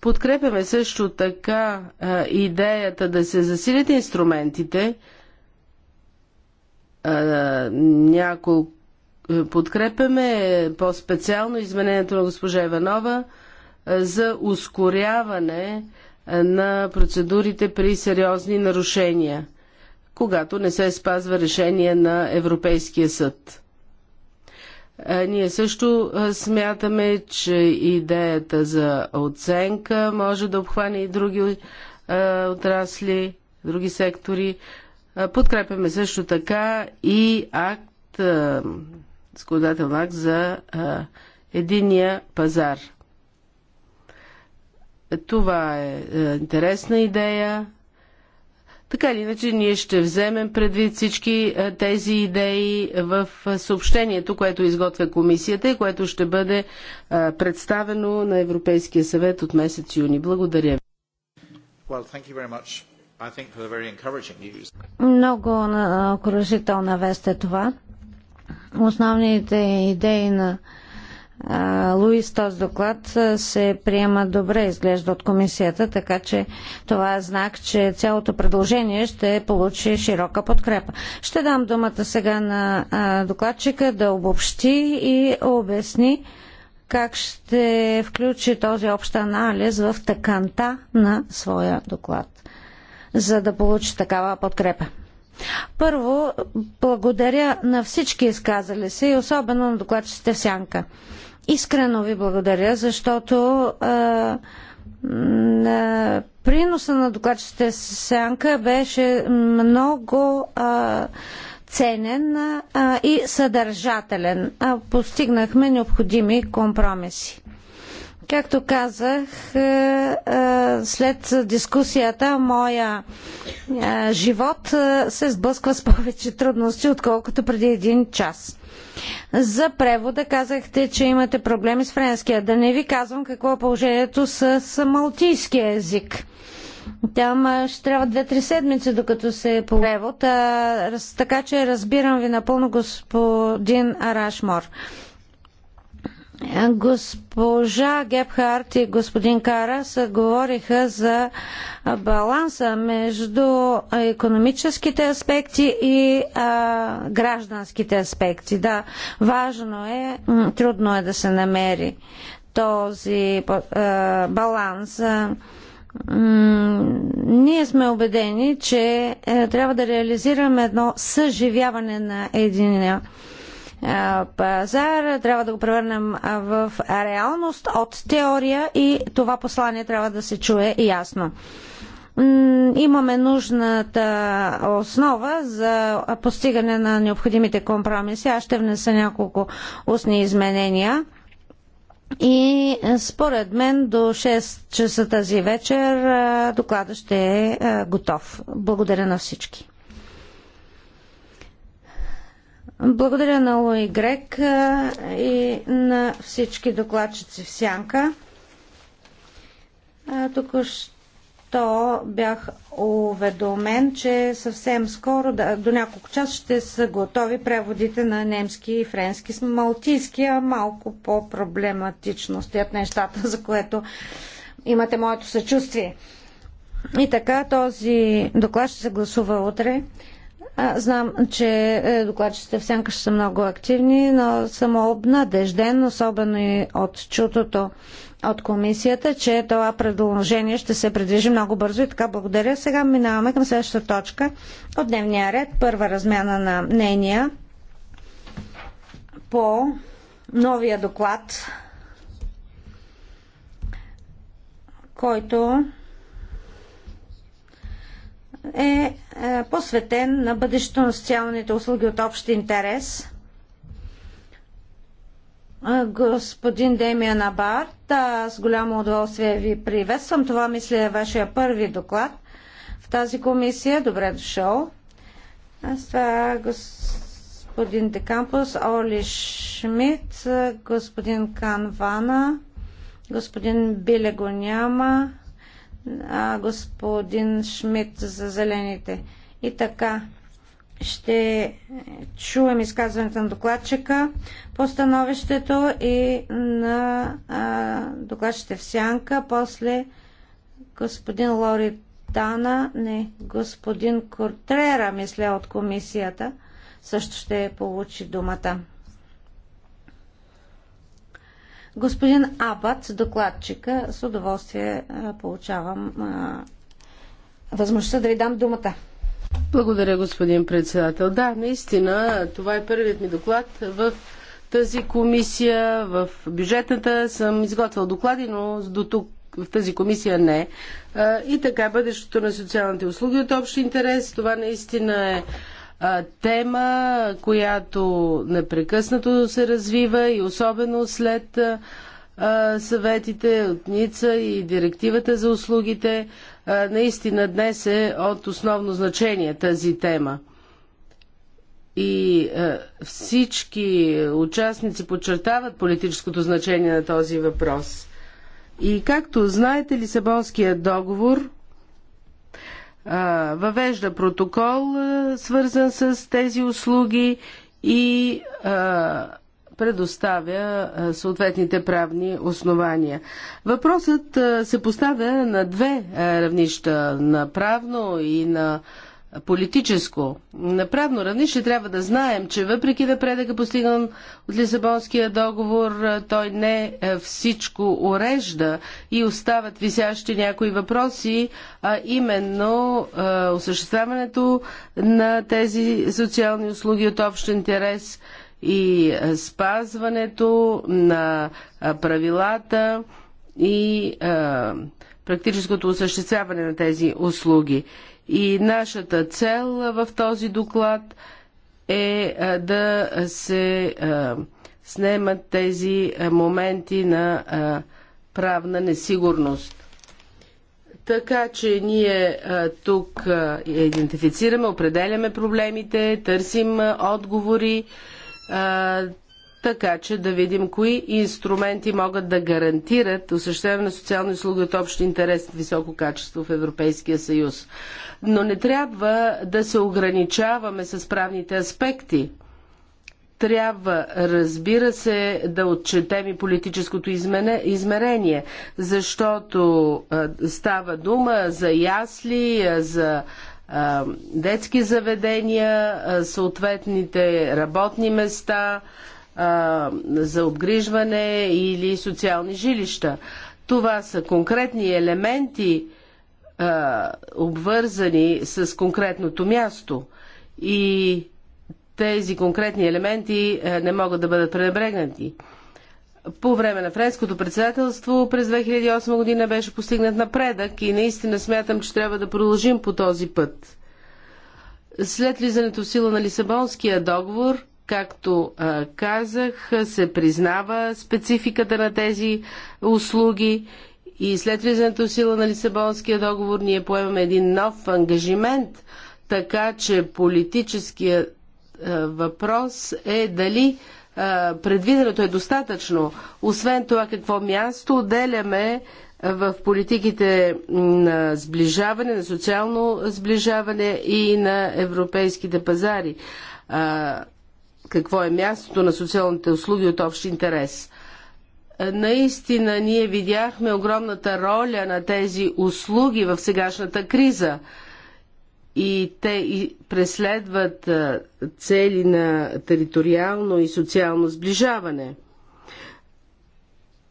Подкрепяме също така а, е, идеята да се засилят инструментите. А, е, няколко подкрепяме по-специално изменението на госпожа Иванова за ускоряване на процедурите при сериозни нарушения – когато не се спазва решение на Европейския съд. Ние също смятаме, че идеята за оценка може да обхване и други отрасли, други сектори. Подкрепяме също така и акт, законодателен акт за единия пазар. Това е интересна идея. Така или иначе, ние ще вземем предвид всички е, тези идеи в е, съобщението, което изготвя комисията и което ще бъде е, представено на Европейския съвет от месец юни. Благодаря ви. много окружителна вест е това. Основните идеи на Луис, този доклад се приема добре, изглежда от комисията, така че това е знак, че цялото предложение ще получи широка подкрепа. Ще дам думата сега на докладчика да обобщи и обясни как ще включи този общ анализ в тъканта на своя доклад, за да получи такава подкрепа. Първо, благодаря на всички изказали се и особено на докладчите в Сянка. Искрено ви благодаря, защото а, приноса на докладчите Сянка беше много а, ценен а, и съдържателен. А, постигнахме необходими компромиси. Както казах, след дискусията моя живот се сблъсква с повече трудности, отколкото преди един час. За превода казахте, че имате проблеми с френския. Да не ви казвам какво е положението с малтийския език. Там ще трябва две-три седмици, докато се е превод. А, така че разбирам ви напълно, господин Арашмор. Госпожа Гепхарт и господин Карас говориха за баланса между економическите аспекти и а, гражданските аспекти. Да, важно е, трудно е да се намери този а, баланс. Ние сме убедени, че е, трябва да реализираме едно съживяване на единия пазар, трябва да го превърнем в реалност от теория и това послание трябва да се чуе ясно. Имаме нужната основа за постигане на необходимите компромиси. Аз ще внеса няколко устни изменения. И според мен до 6 часа тази вечер докладът ще е готов. Благодаря на всички. Благодаря на Луи Грек и на всички докладчици в Сянка. Тук то бях уведомен, че съвсем скоро, до няколко часа, ще са готови преводите на немски и френски. С малтийски, а малко по-проблематично стоят нещата, за което имате моето съчувствие. И така, този доклад ще се гласува утре. Знам, че е, докладчите в Сянка ще са много активни, но съм обнадежден, особено и от чутото от комисията, че това предложение ще се придвижи много бързо и така благодаря. Сега минаваме към следващата точка от дневния ред. Първа размяна на мнения по новия доклад, който е, е посветен на бъдещето на социалните услуги от общ интерес. Господин Демиан Абарт, с голямо удоволствие ви приветствам. Това, мисля, е вашия първи доклад в тази комисия. Добре дошъл. Аз това господин Декампус, Оли Шмидт, господин Канвана, господин Биле го няма, а, господин Шмидт за зелените. И така, ще чуем изказването на докладчика по становището и на а, докладчите в сянка, после господин Лори Тана, не, господин Кортрера, мисля, от комисията, също ще получи думата. Господин Абат, докладчика, с удоволствие е, получавам е, възможността да ви дам думата. Благодаря, господин председател. Да, наистина, това е първият ми доклад в тази комисия. В бюджетната съм изготвил доклади, но до тук в тази комисия не. Е, и така, бъдещето на социалните услуги от общ интерес, това наистина е тема, която непрекъснато се развива и особено след съветите от НИЦА и директивата за услугите. Наистина днес е от основно значение тази тема. И всички участници подчертават политическото значение на този въпрос. И както знаете, Лисабонският договор въвежда протокол, свързан с тези услуги и предоставя съответните правни основания. Въпросът се поставя на две равнища на правно и на политическо. На правно равнище трябва да знаем, че въпреки напредъка постигнан от Лисабонския договор, той не всичко урежда и остават висящи някои въпроси, а именно а, осъществяването на тези социални услуги от общ интерес и спазването на правилата и а, практическото осъществяване на тези услуги. И нашата цел в този доклад е да се снемат тези моменти на правна несигурност. Така че ние тук идентифицираме, определяме проблемите, търсим отговори, така че да видим кои инструменти могат да гарантират осъществяване на социални услуги от общ интерес и високо качество в Европейския съюз. Но не трябва да се ограничаваме с правните аспекти. Трябва, разбира се, да отчетем и политическото измерение, защото става дума за ясли, за детски заведения, съответните работни места, а, за обгрижване или социални жилища. Това са конкретни елементи, а, обвързани с конкретното място. И тези конкретни елементи а, не могат да бъдат пренебрегнати. По време на френското председателство през 2008 година беше постигнат напредък и наистина смятам, че трябва да продължим по този път. След влизането в сила на Лисабонския договор Както казах, се признава спецификата на тези услуги и след влизането в сила на Лисабонския договор ние поемаме един нов ангажимент, така че политическият въпрос е дали предвиденото е достатъчно. Освен това, какво място отделяме в политиките на сближаване, на социално сближаване и на европейските пазари какво е мястото на социалните услуги от общ интерес. Е, наистина ние видяхме огромната роля на тези услуги в сегашната криза и те и преследват е, цели на териториално и социално сближаване.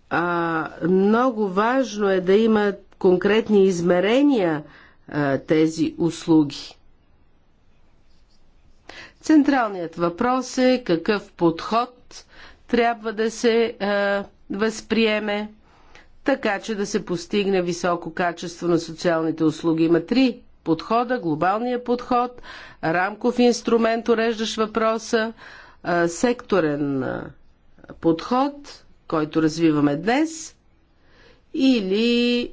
А, много важно е да имат конкретни измерения а, е, тези услуги. Централният въпрос е какъв подход трябва да се е, възприеме, така че да се постигне високо качество на социалните услуги. Има три подхода, глобалния подход, рамков инструмент, уреждаш въпроса, е, секторен е, подход, който развиваме днес, или е,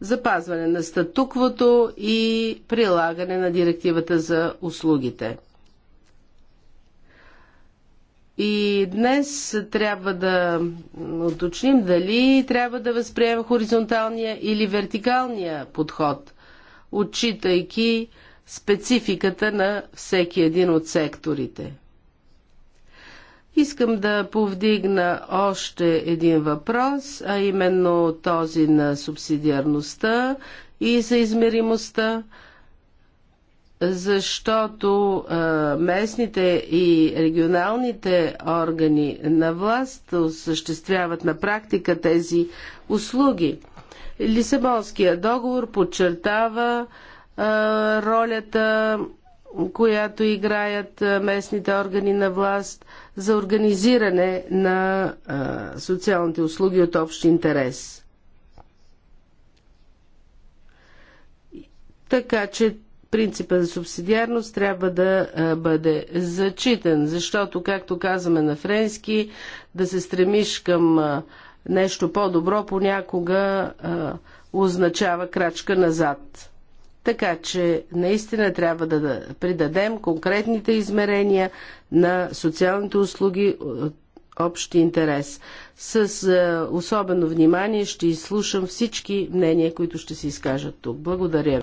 запазване на статуквото и прилагане на директивата за услугите. И днес трябва да уточним дали трябва да възприема хоризонталния или вертикалния подход, отчитайки спецификата на всеки един от секторите. Искам да повдигна още един въпрос, а именно този на субсидиарността и съизмеримостта. измеримостта защото а, местните и регионалните органи на власт осъществяват на практика тези услуги. Лисабонския договор подчертава а, ролята, която играят местните органи на власт за организиране на а, социалните услуги от общ интерес. Така че принципа за субсидиарност трябва да бъде зачитан, защото, както казваме на френски, да се стремиш към нещо по-добро понякога означава крачка назад. Така че наистина трябва да придадем конкретните измерения на социалните услуги общ интерес. С а, е, особено внимание ще изслушам всички мнения, които ще се изкажат тук. Благодаря.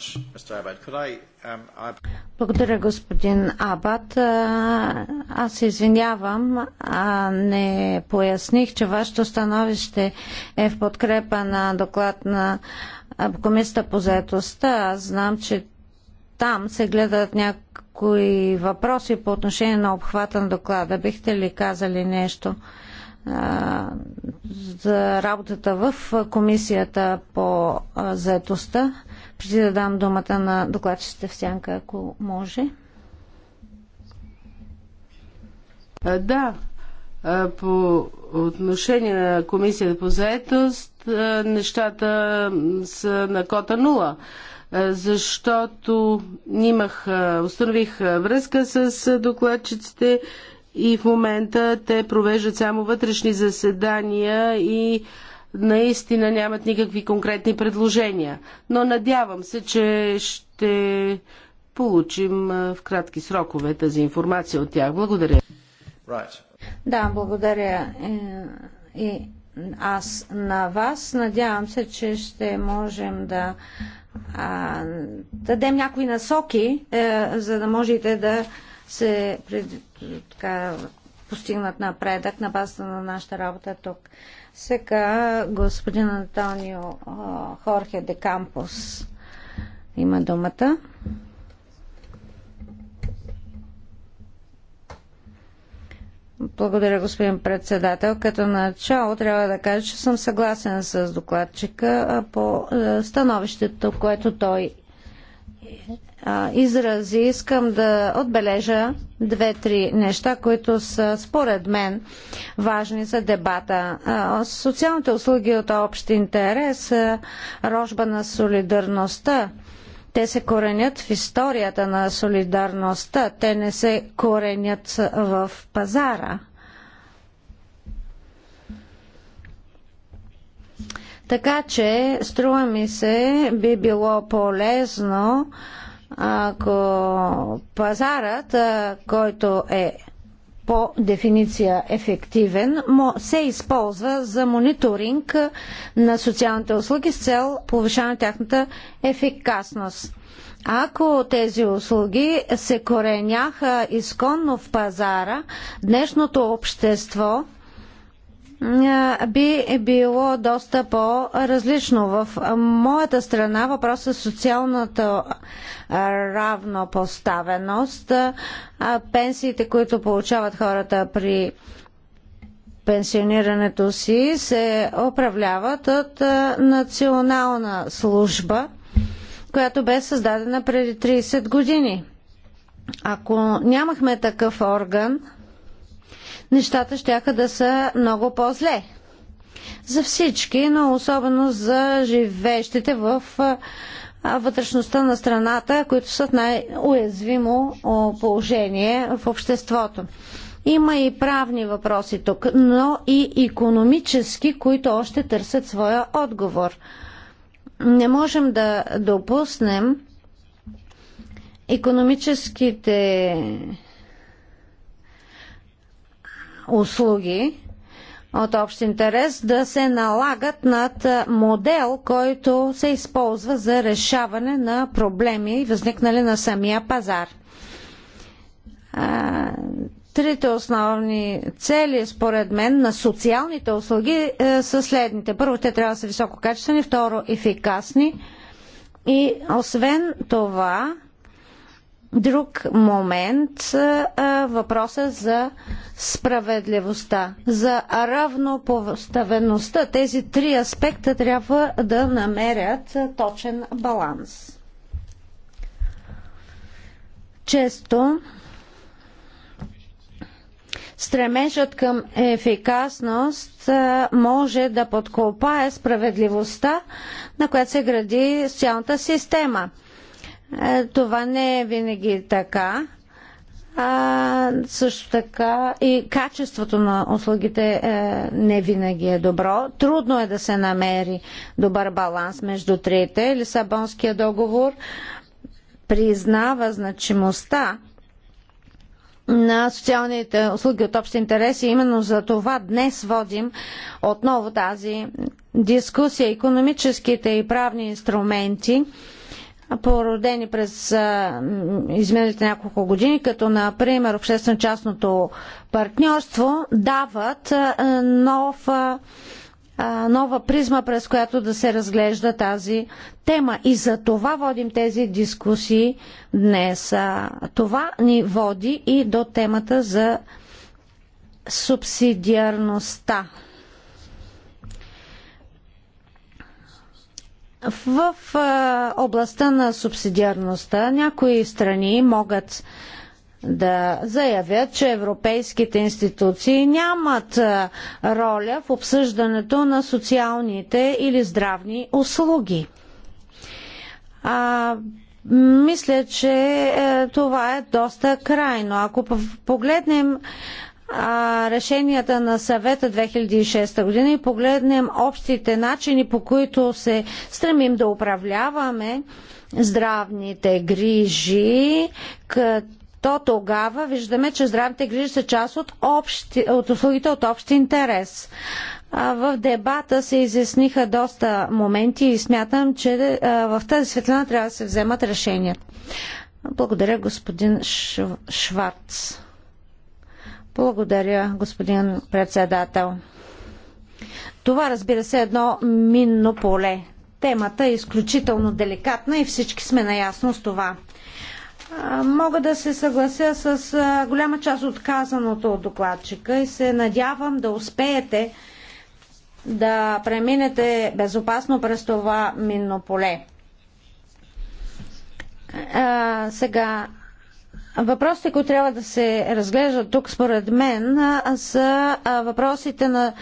Благодаря, господин Абат. Аз се извинявам, а не поясних, че вашето становище е в подкрепа на доклад на Комисията по заедостта. Аз знам, че там се гледат някои някои въпроси по отношение на обхвата на доклада. Бихте ли казали нещо а, за работата в комисията по заетостта? Преди да дам думата на докладчите в сянка, ако може. Да, по отношение на комисията по заетост е, нещата са на кота нула, е, защото имах, е, установих връзка с докладчиците и в момента те провеждат само вътрешни заседания и наистина нямат никакви конкретни предложения. Но надявам се, че ще получим в кратки срокове тази информация от тях. Благодаря. Right. Да, благодаря. И аз на вас. Надявам се, че ще можем да а, дадем някои насоки, е, за да можете да се пред, така, постигнат напредък на базата на нашата работа тук. Сега господин Антонио Хорхе де Кампус има думата. Благодаря, господин председател. Като начало трябва да кажа, че съм съгласен с докладчика по становището, което той изрази. Искам да отбележа две-три неща, които са според мен важни за дебата. Социалните услуги от общ интерес, рожба на солидарността, те се коренят в историята на солидарността. Те не се коренят в пазара. Така че, струва ми се, би било полезно, ако пазарът, който е по дефиниция ефективен, се използва за мониторинг на социалните услуги с цел повишаване тяхната ефикасност. Ако тези услуги се кореняха изконно в пазара, днешното общество е, би било доста по-различно. В моята страна въпросът с е социалната е, равнопоставеност, пенсиите, които получават хората при пенсионирането си, се управляват от национална служба, която бе създадена преди 30 години. Ако нямахме такъв орган, нещата ще да са много по-зле. За всички, но особено за живеещите в вътрешността на страната, които са в най-уязвимо положение в обществото. Има и правни въпроси тук, но и економически, които още търсят своя отговор. Не можем да допуснем економическите услуги от общ интерес да се налагат над модел, който се използва за решаване на проблеми, възникнали на самия пазар. Трите основни цели, според мен, на социалните услуги е, са следните. Първо, те трябва да са висококачествени, второ, ефикасни. И освен това, друг момент въпроса за справедливостта, за равнопоставеността. Тези три аспекта трябва да намерят точен баланс. Често стремежът към ефикасност може да подкопае справедливостта, на която се гради социалната система – е, това не е винаги така. А, също така и качеството на услугите е, не винаги е добро. Трудно е да се намери добър баланс между трите. Лисабонския договор признава значимостта на социалните услуги от общи интереси. Именно за това днес водим отново тази дискусия. Економическите и правни инструменти породени през изминалите няколко години, като например обществено-частното партньорство, дават нов нова призма, през която да се разглежда тази тема. И за това водим тези дискусии днес. Това ни води и до темата за субсидиарността. В областта на субсидиарността някои страни могат да заявят, че европейските институции нямат роля в обсъждането на социалните или здравни услуги. А, мисля, че е, това е доста крайно. Ако погледнем а, решенията на съвета 2006 година и погледнем общите начини, по които се стремим да управляваме здравните грижи, като то тогава виждаме, че здравните грижи са част от, общи, от услугите от общ интерес. В дебата се изясниха доста моменти и смятам, че в тази светлина трябва да се вземат решения. Благодаря, господин Шварц. Благодаря, господин председател. Това, разбира се, е едно минно поле. Темата е изключително деликатна и всички сме наясно с това. Мога да се съглася с голяма част от казаното от докладчика и се надявам да успеете да преминете безопасно през това минно поле. А, сега Въпросите, които трябва да се разглеждат тук, според мен, са въпросите на,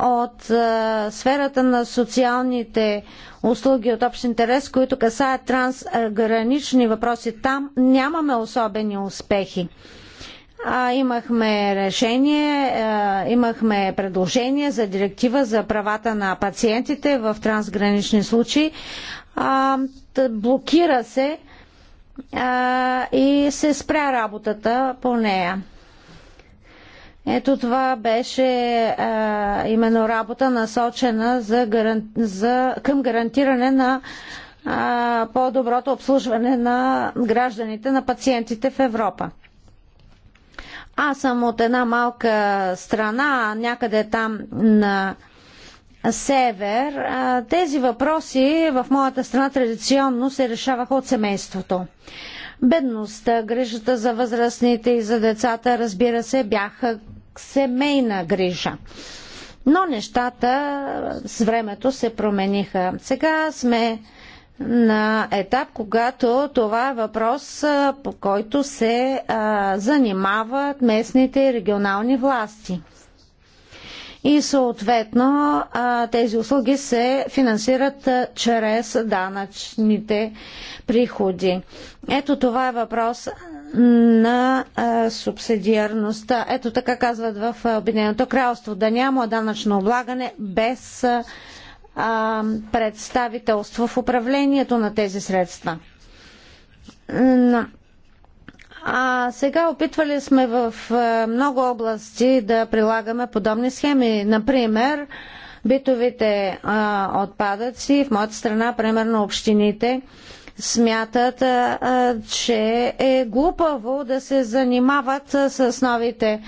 от а, сферата на социалните услуги от общ интерес, които касаят трансгранични въпроси. Там нямаме особени успехи. А, имахме решение, а, имахме предложение за директива за правата на пациентите в трансгранични случаи. А, блокира се а, и се спря работата по нея. Ето това беше а, именно работа насочена за, гаран... за... към гарантиране на по-доброто обслужване на гражданите, на пациентите в Европа. Аз съм от една малка страна, някъде там на север, тези въпроси в моята страна традиционно се решаваха от семейството. Бедността, грижата за възрастните и за децата, разбира се, бяха семейна грижа. Но нещата с времето се промениха. Сега сме на етап, когато това е въпрос, по който се а, занимават местните и регионални власти и съответно тези услуги се финансират чрез данъчните приходи. Ето това е въпрос на субсидиарността. Ето така казват в Обединеното кралство. Да няма данъчно облагане без представителство в управлението на тези средства. А сега опитвали сме в е, много области да прилагаме подобни схеми. Например, битовите а, е, отпадъци в моята страна, примерно общините, смятат, а, е, че е глупаво да се занимават а, с новите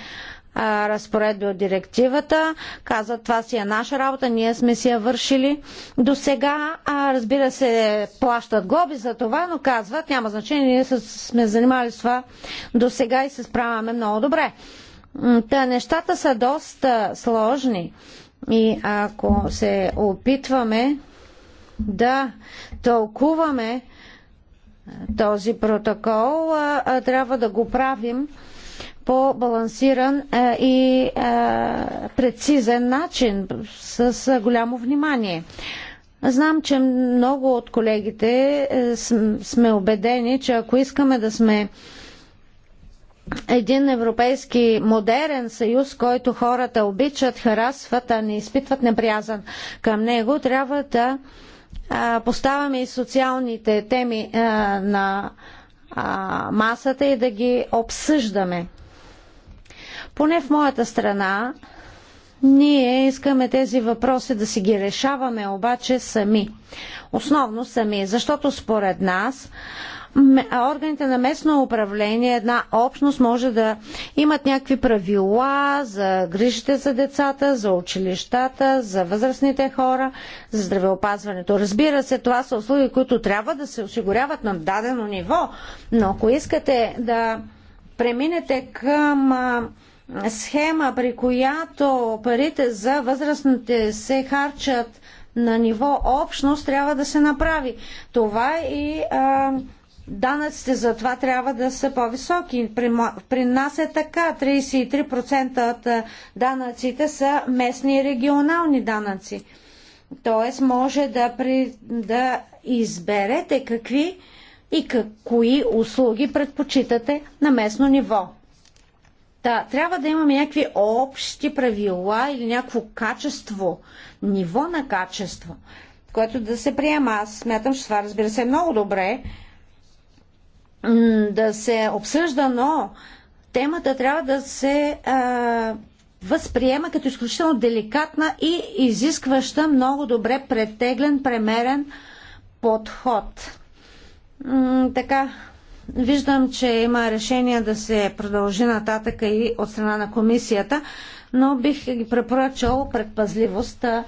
разпоредби от директивата. Казват, това си е наша работа, ние сме си я вършили. До сега, разбира се, плащат глоби за това, но казват, няма значение, ние сме занимали с това до сега и се справяме много добре. Та нещата са доста сложни и ако се опитваме да тълкуваме този протокол, трябва да го правим по-балансиран е, и е, прецизен начин с е, голямо внимание. Знам, че много от колегите сме убедени, че ако искаме да сме един европейски модерен съюз, който хората обичат, харасват, а не изпитват неприязан към него, трябва да поставяме и социалните теми на масата и да ги обсъждаме. Поне в моята страна ние искаме тези въпроси да си ги решаваме обаче сами. Основно сами, защото според нас органите на местно управление, една общност може да имат някакви правила за грижите за децата, за училищата, за възрастните хора, за здравеопазването. Разбира се, това са услуги, които трябва да се осигуряват на дадено ниво, но ако искате да преминете към схема, при която парите за възрастните се харчат на ниво общност, трябва да се направи. Това и а, данъците за това трябва да са по-високи. При, при нас е така. 33% от данъците са местни и регионални данъци. Тоест може да, при, да изберете какви и как, кои услуги предпочитате на местно ниво. Та, трябва да имаме някакви общи правила или някакво качество, ниво на качество, което да се приема. Аз смятам, че това разбира се е много добре да се обсъжда, но темата трябва да се а, възприема като изключително деликатна и изискваща много добре претеглен, премерен подход. М- така, Виждам, че има решение да се продължи нататък и от страна на комисията, но бих ги препоръчал предпазливостта.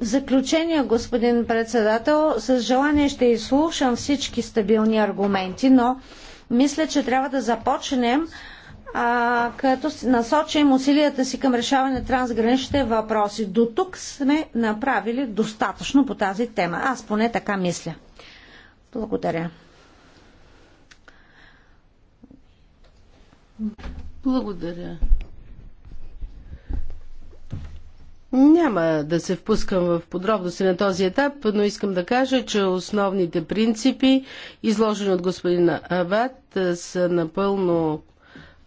В заключение, господин председател, с желание ще изслушам всички стабилни аргументи, но мисля, че трябва да започнем а, като насочим усилията си към решаване на трансграничните въпроси. До тук сме направили достатъчно по тази тема. Аз поне така мисля. Благодаря. Благодаря. Няма да се впускам в подробности на този етап, но искам да кажа, че основните принципи, изложени от господин Абат, са напълно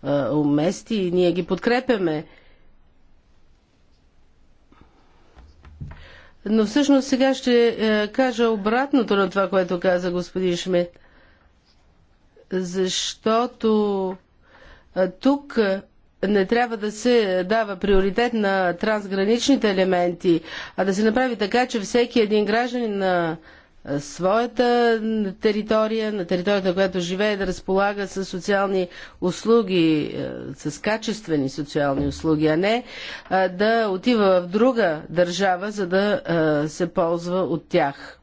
а, умести и ние ги подкрепяме. Но всъщност сега ще кажа обратното на това, което каза господин Шмет. Защото тук не трябва да се дава приоритет на трансграничните елементи, а да се направи така, че всеки един гражданин на своята територия, на територията, която живее, да разполага с социални услуги, с качествени социални услуги, а не да отива в друга държава, за да се ползва от тях.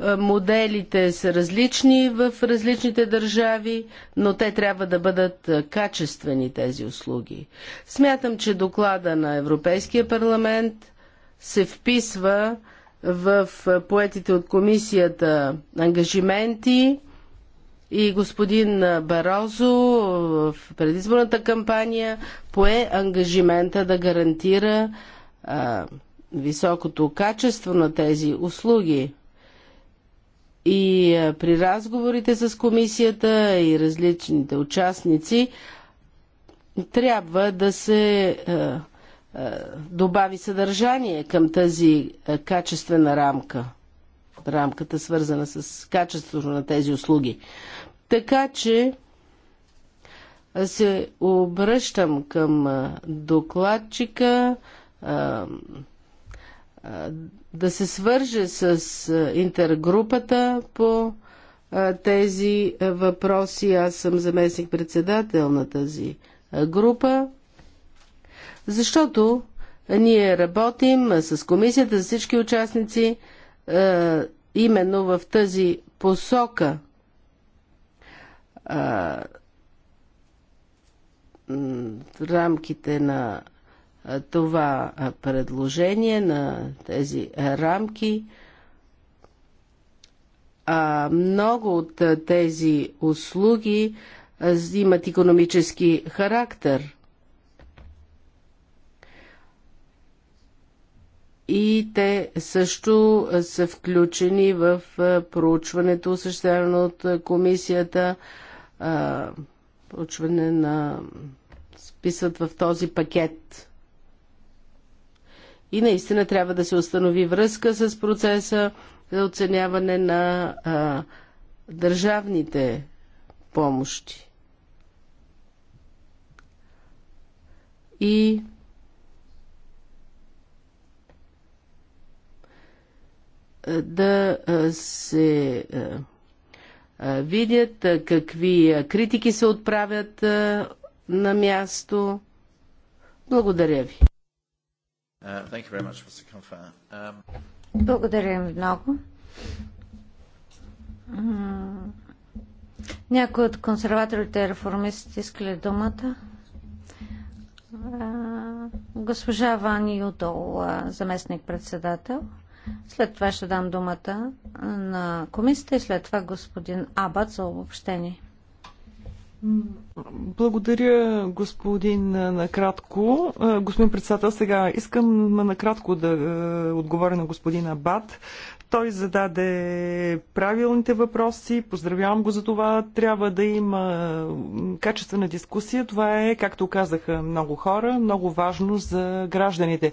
Е, моделите са различни в различните държави, но те трябва да бъдат е, качествени тези услуги. Смятам, че доклада на Европейския парламент се вписва в е, поетите от комисията ангажименти и господин Барозо в предизборната кампания пое ангажимента да гарантира а, високото качество на тези услуги. И е, при разговорите с комисията и различните участници трябва да се е, е, добави съдържание към тази качествена рамка. Рамката свързана с качеството на тези услуги. Така че се обръщам към докладчика, да се свърже с интергрупата по тези въпроси. Аз съм заместник-председател на тази група, защото ние работим с комисията, за всички участници, именно в тази посока. В рамките на това предложение на тези рамки. А много от тези услуги имат економически характер. И те също са включени в проучването, осъществено от комисията, проучване на списът в този пакет. И наистина трябва да се установи връзка с процеса за оценяване на а, държавните помощи. И да се видят какви критики се отправят на място. Благодаря ви. Uh, um, Благодаря much, Благодаря много. Някои от консерваторите и реформистите искали думата. Госпожа Вани Юдол, заместник-председател. След това ще дам думата на комисията и след това господин Абат за обобщение. Благодаря, господин накратко. Господин председател, сега искам накратко да отговоря на господин Абат. Той зададе правилните въпроси. Поздравявам го за това. Трябва да има качествена дискусия. Това е, както казаха много хора, много важно за гражданите.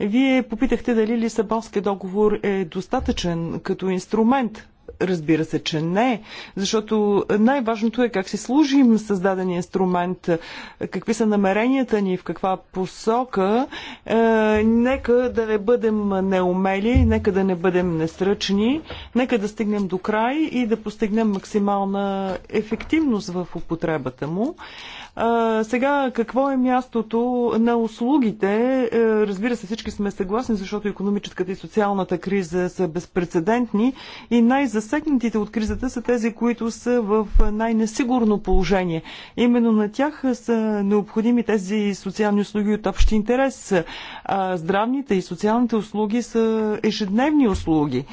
Вие попитахте дали Лисабонския договор е достатъчен като инструмент Разбира се, че не, защото най-важното е как си служим с даден инструмент, какви са намеренията ни, в каква посока. Е, нека да не бъдем неумели, нека да не бъдем несръчни, нека да стигнем до край и да постигнем максимална ефективност в употребата му сега, какво е мястото на услугите? Е, разбира се, всички сме съгласни, защото економическата и социалната криза са безпредседентни и най-засегнатите от кризата са тези, които са в най-несигурно положение. Именно на тях са необходими тези социални услуги от общ интерес. Здравните и социалните услуги са ежедневни услуги.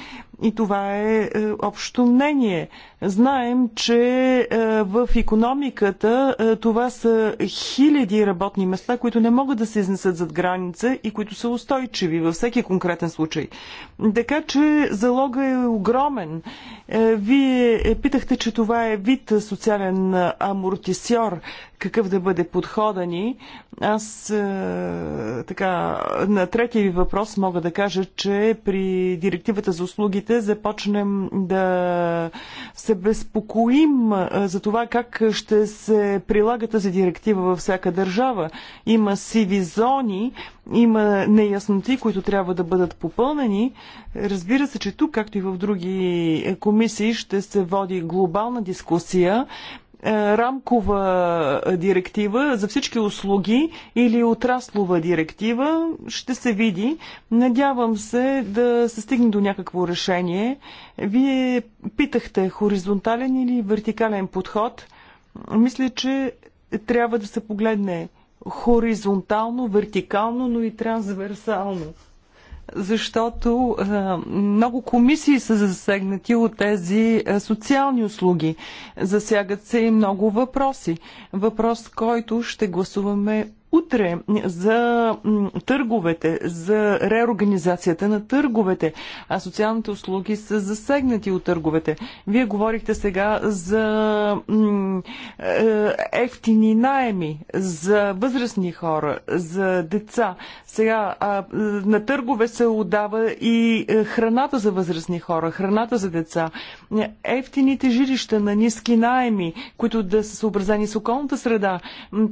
И това е, е общо мнение. Знаем, че е, в економиката е, това са хиляди работни места, които не могат да се изнесат зад граница и които са устойчиви във всеки конкретен случай. Така че залога е огромен. Вие питахте, че това е вид социален амортисьор, какъв да бъде подхода ни. Аз е, така, на третия ви въпрос мога да кажа, че при директивата за услугите започнем да се безпокоим е, за това как ще се прилага тази директива във всяка държава. Има сиви зони, има неясноти, които трябва да бъдат попълнени. Разбира се, че тук, както и в други комисии, ще се води глобална дискусия е, рамкова директива за всички услуги или отраслова директива. Ще се види. Надявам се да се стигне до някакво решение. Вие питахте хоризонтален или вертикален подход. Мисля, че трябва да се погледне хоризонтално, вертикално, но и трансверсално защото е, много комисии са засегнати от тези е, социални услуги. Засягат се и много въпроси. Въпрос, който ще гласуваме утре за търговете, за реорганизацията на търговете, а социалните услуги са засегнати от търговете. Вие говорихте сега за е, ефтини найеми, за възрастни хора, за деца. Сега на търгове се отдава и е, храната за възрастни хора, храната за деца, ефтините жилища на ниски найеми, които да са съобразени с околната среда.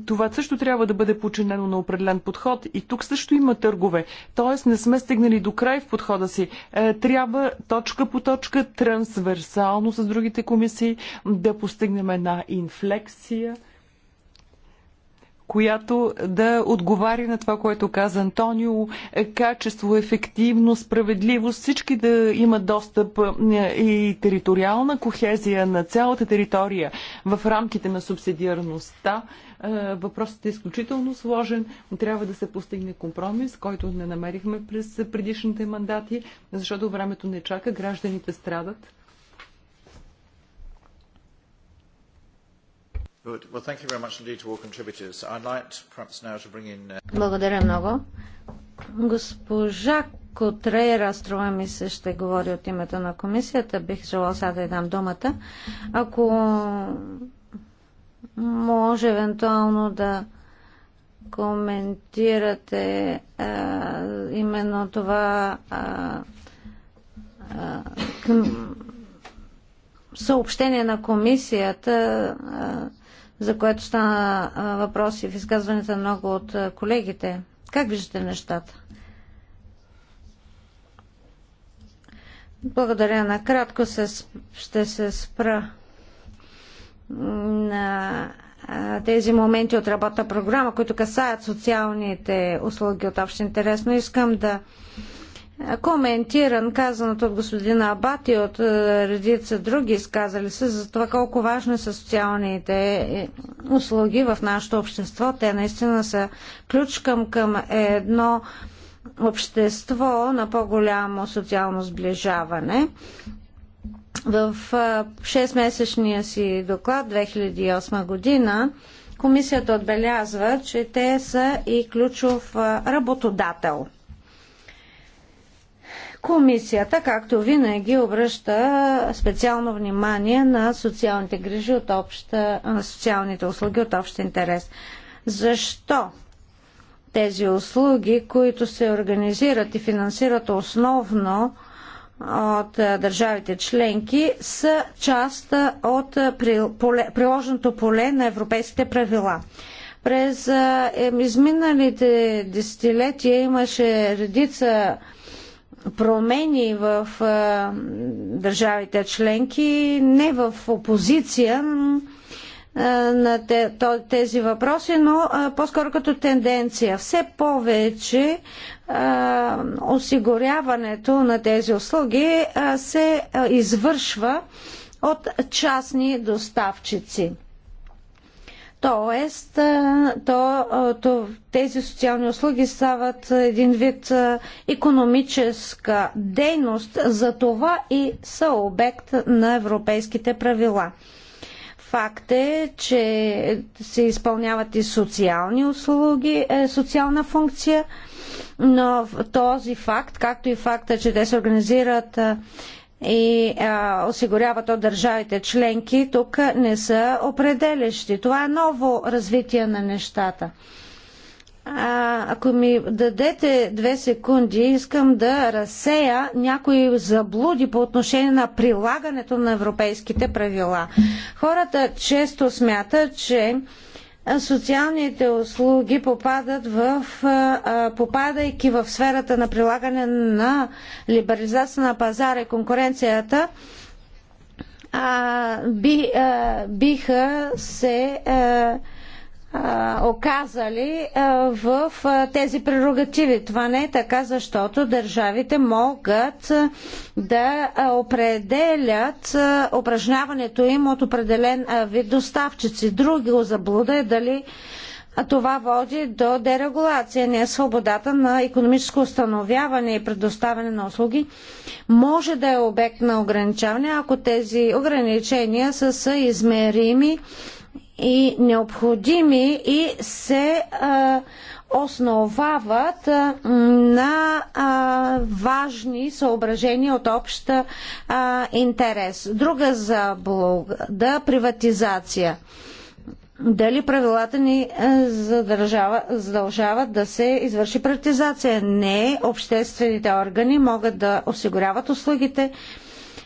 Това също трябва да бъде подчертано подчинено на определен подход. И тук също има търгове. Тоест не сме стигнали до край в подхода си. Е, трябва точка по точка, трансверсално с другите комисии, да постигнем една инфлексия която да отговаря на това, което каза Антонио, качество, ефективност, справедливост, всички да имат достъп е, и териториална кохезия на цялата територия в рамките на субсидиарността. Е, въпросът е изключително сложен. Трябва да се постигне компромис, който не намерихме през предишните мандати, защото времето не чака, гражданите страдат Благодаря много. Госпожа Котрейра, струва ми се, ще говори от името на комисията. Бих желал сега да й дам думата. Ако може евентуално да коментирате а, именно това а, а, към съобщение на комисията а, за което стана въпрос и в изказването много от колегите. Как виждате нещата? Благодаря. Накратко се, ще се спра на тези моменти от работна програма, които касаят социалните услуги от общ интерес, но искам да коментиран казаното от господин Абат и от е, редица други изказали се за това колко важни са социалните е, услуги в нашето общество. Те наистина са ключ към, към едно общество на по-голямо социално сближаване. В 6-месечния е, си доклад 2008 година комисията отбелязва, че те са и ключов работодател Комисията, както винаги, обръща специално внимание на социалните грижи от обща, на социалните услуги от общ интерес. Защо тези услуги, които се организират и финансират основно от държавите членки, са част от приложеното поле на европейските правила. През изминалите десетилетия имаше редица промени в държавите членки, не в опозиция на тези въпроси, но по-скоро като тенденция. Все повече осигуряването на тези услуги се извършва от частни доставчици. Тоест, то, то, тези социални услуги стават един вид економическа дейност, за това и са обект на европейските правила. Факт е, че се изпълняват и социални услуги, е, социална функция, но този факт, както и факта, че те се организират и а, осигуряват от държавите членки, тук не са определящи. Това е ново развитие на нещата. А, ако ми дадете две секунди, искам да разсея някои заблуди по отношение на прилагането на европейските правила. Хората често смятат, че а, социалните услуги попадат в, попадайки в сферата на прилагане на либерализация на пазара и конкуренцията, а, би, а, биха се а, оказали в тези прерогативи. Това не е така, защото държавите могат да определят упражняването им от определен вид доставчици. Други заблуда е дали това води до дерегулация. Не свободата на економическо установяване и предоставяне на услуги може да е обект на ограничаване, ако тези ограничения са измерими и необходими и се а, основават а, на а, важни съображения от общ интерес. Друга да приватизация дали правилата ни задължават да се извърши приватизация. Не, обществените органи могат да осигуряват услугите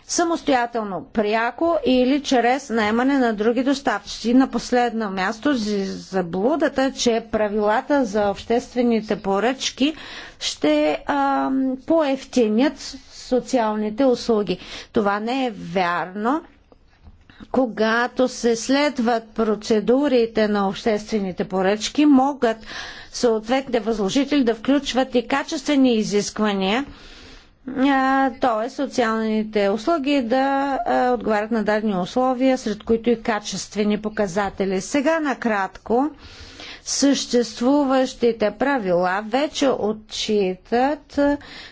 самостоятелно, пряко или чрез наемане на други доставчици. На последно място заблудата, че правилата за обществените поръчки ще а, поевтинят социалните услуги. Това не е вярно когато се следват процедурите на обществените поръчки, могат съответните възложители да включват и качествени изисквания т.е. социалните услуги да отговарят на дадени условия, сред които и качествени показатели. Сега накратко съществуващите правила вече отчитат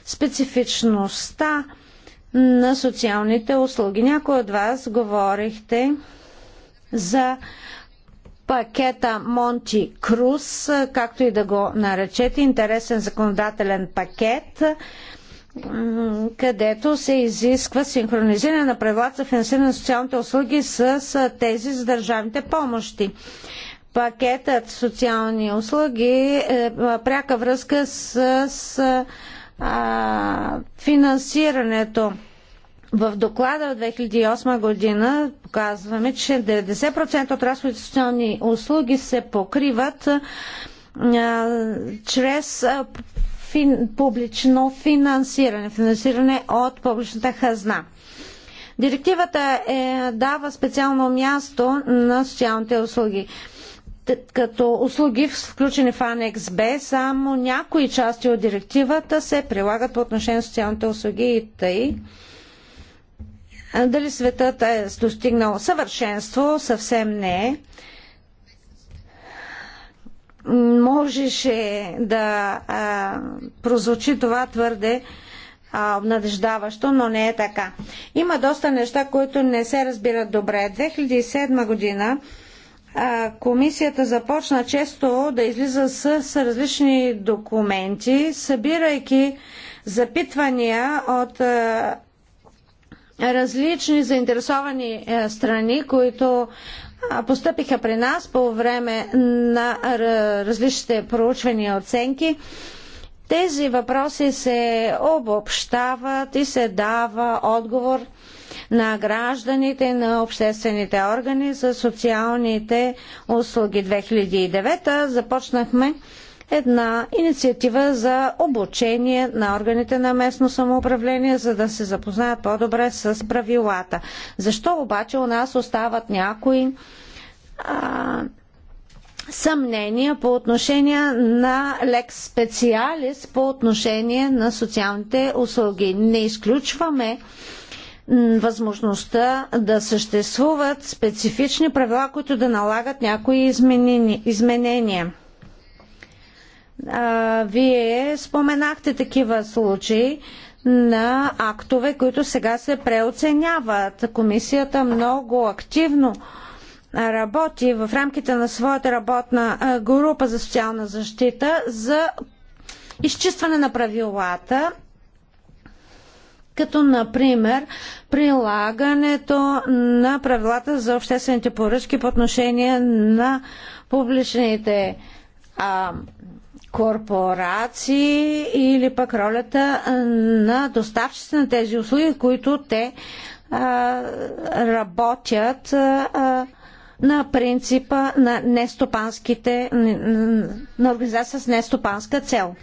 специфичността на социалните услуги. Някои от вас говорихте за пакета Монти Круз, както и да го наречете, интересен законодателен пакет – където се изисква синхронизиране на правилата за финансиране на социалните услуги с тези за държавните помощи. Пакетът социални услуги е пряка връзка с, с а, финансирането. В доклада от 2008 година показваме, че 90% от разходите социални услуги се покриват а, чрез а, фин, публично финансиране, финансиране от публичната хазна. Директивата е, дава специално място на социалните услуги. Като услуги, включени в анекс Б, само някои части от директивата се прилагат по отношение на социалните услуги и тъй. Дали светът е достигнал съвършенство? Съвсем не е можеше да а, прозвучи това твърде а, обнадеждаващо, но не е така. Има доста неща, които не се разбират добре. 2007 година а, комисията започна често да излиза с, с различни документи, събирайки запитвания от а, различни заинтересовани а, страни, които постъпиха при нас по време на различните проучвания и оценки. Тези въпроси се обобщават и се дава отговор на гражданите, на обществените органи за социалните услуги. 2009 започнахме една инициатива за обучение на органите на местно самоуправление, за да се запознаят по-добре с правилата. Защо обаче у нас остават някои а, съмнения по отношение на лекс специалист по отношение на социалните услуги? Не изключваме възможността да съществуват специфични правила, които да налагат някои изменения. А, вие споменахте такива случаи на актове, които сега се преоценяват. Комисията много активно работи в рамките на своята работна група за социална защита за изчистване на правилата, като например прилагането на правилата за обществените поръчки по отношение на публичните а, корпорации или пък ролята на доставчиците на тези услуги, които те а, работят а, на принципа на нестопанските, на организация с нестопанска цел.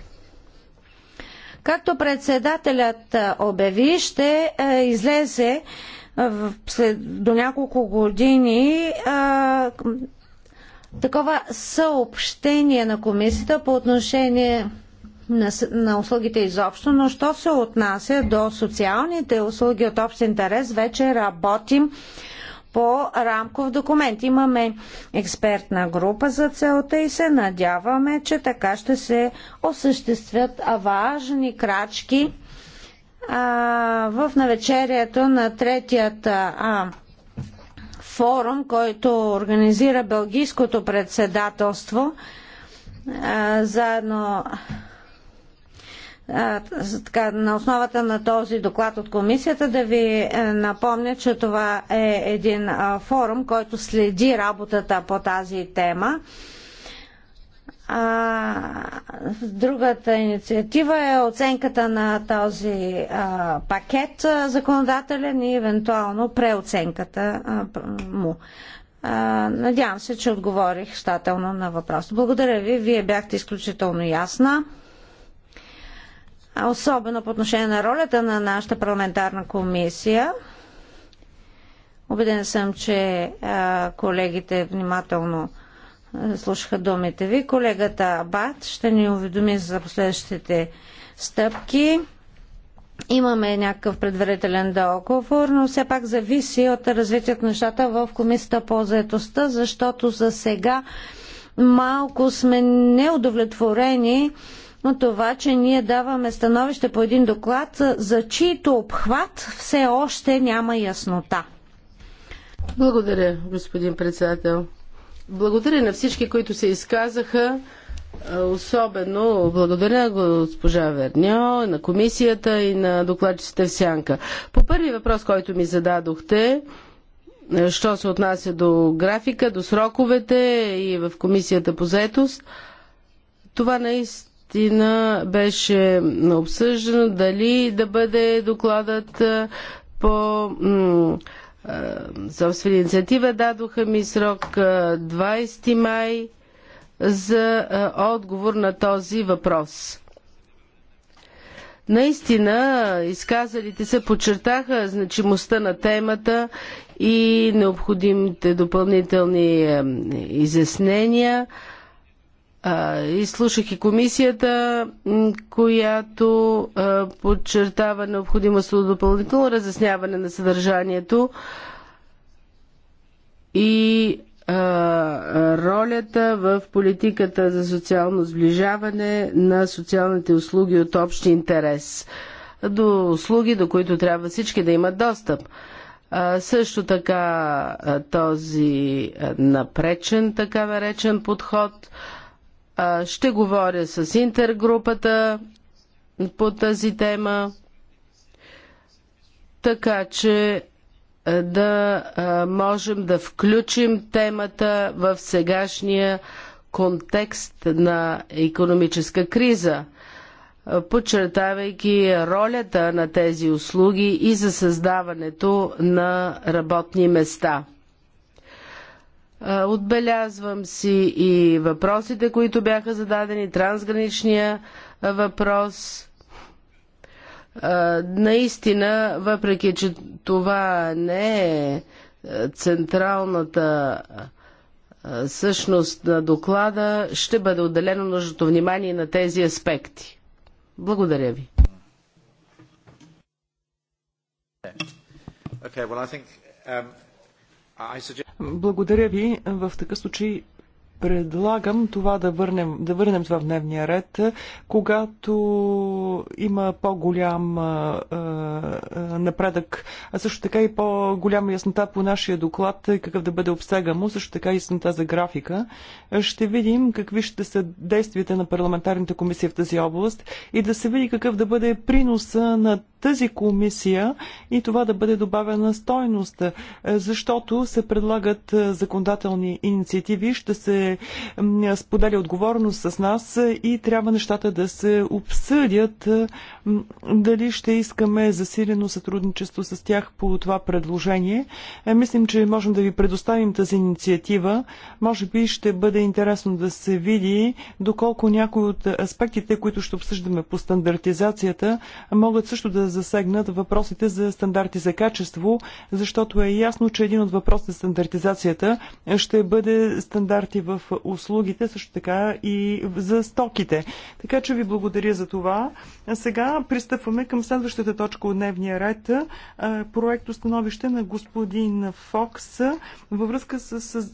Както председателят обяви, ще а, излезе а, след, до няколко години а, такова съобщение на комисията по отношение на, на услугите изобщо, но що се отнася до социалните услуги от общ интерес, вече работим по рамков документ. Имаме експертна група за целта и се надяваме, че така ще се осъществят важни крачки а, в навечерието на третият а, форум, който организира Белгийското председателство заедно така, на основата на този доклад от комисията да ви е, напомня, че това е един форум, който следи работата по тази тема. А, другата инициатива е оценката на този а, пакет а, законодателен и евентуално преоценката а, му. А, надявам се, че отговорих щателно на въпрос. Благодаря ви. Вие бяхте изключително ясна. Особено по отношение на ролята на нашата парламентарна комисия. Обеден съм, че а, колегите внимателно слушаха думите ви. Колегата Абат ще ни уведоми за последващите стъпки. Имаме някакъв предварителен договор, но все пак зависи от развитието на нещата в Комисията по заедостта, защото за сега малко сме неудовлетворени от това, че ние даваме становище по един доклад, за чийто обхват все още няма яснота. Благодаря, господин председател. Благодаря на всички, които се изказаха. Особено благодаря на госпожа Верньо, на комисията и на докладчиците в Сянка. По първи въпрос, който ми зададохте, що се отнася до графика, до сроковете и в комисията по заетост, това наистина беше обсъждано дали да бъде докладът по е, собствена инициатива. Дадоха ми срок 20 е, май за е, отговор на този въпрос. Наистина, изказалите се подчертаха значимостта на темата и необходимите допълнителни изяснения. Изслушах и комисията, която подчертава необходимост от допълнително разясняване на съдържанието и ролята в политиката за социално сближаване на социалните услуги от общ интерес. До услуги, до които трябва всички да имат достъп. Също така този напречен, така наречен подход – ще говоря с интергрупата по тази тема, така че да можем да включим темата в сегашния контекст на економическа криза, подчертавайки ролята на тези услуги и за създаването на работни места – е, отбелязвам си и въпросите, които бяха зададени, трансграничния е, въпрос. Е, наистина, въпреки че това не е централната същност на доклада, ще бъде отделено нужното внимание на тези аспекти. Благодаря ви. Okay, well, I think, um... Благодаря ви. В такъв случай предлагам това да върнем, да върнем това в дневния ред, когато има по-голям напредък, а също така и по-голяма яснота по нашия доклад, какъв да бъде обсега му, също така и яснота за графика. Ще видим какви ще са действията на парламентарните комисии в тази област и да се види какъв да бъде приноса на тази комисия и това да бъде добавена стойност, е, защото се предлагат е, законодателни инициативи, ще се споделя отговорност с нас и трябва нещата да се обсъдят е, дали ще искаме засилено сътрудничество с тях по това предложение. Мислим, че можем да ви предоставим тази инициатива. Може би ще бъде интересно да се види доколко някои от аспектите, които ще обсъждаме по стандартизацията, могат също да засегнат въпросите за стандарти за качество, защото е ясно, че един от въпросите за стандартизацията ще бъде стандарти в услугите, също така и за стоките. Така че ви благодаря за това. А сега пристъпваме към следващата точка от дневния ред. Проект установище на господин Фокс във връзка с, с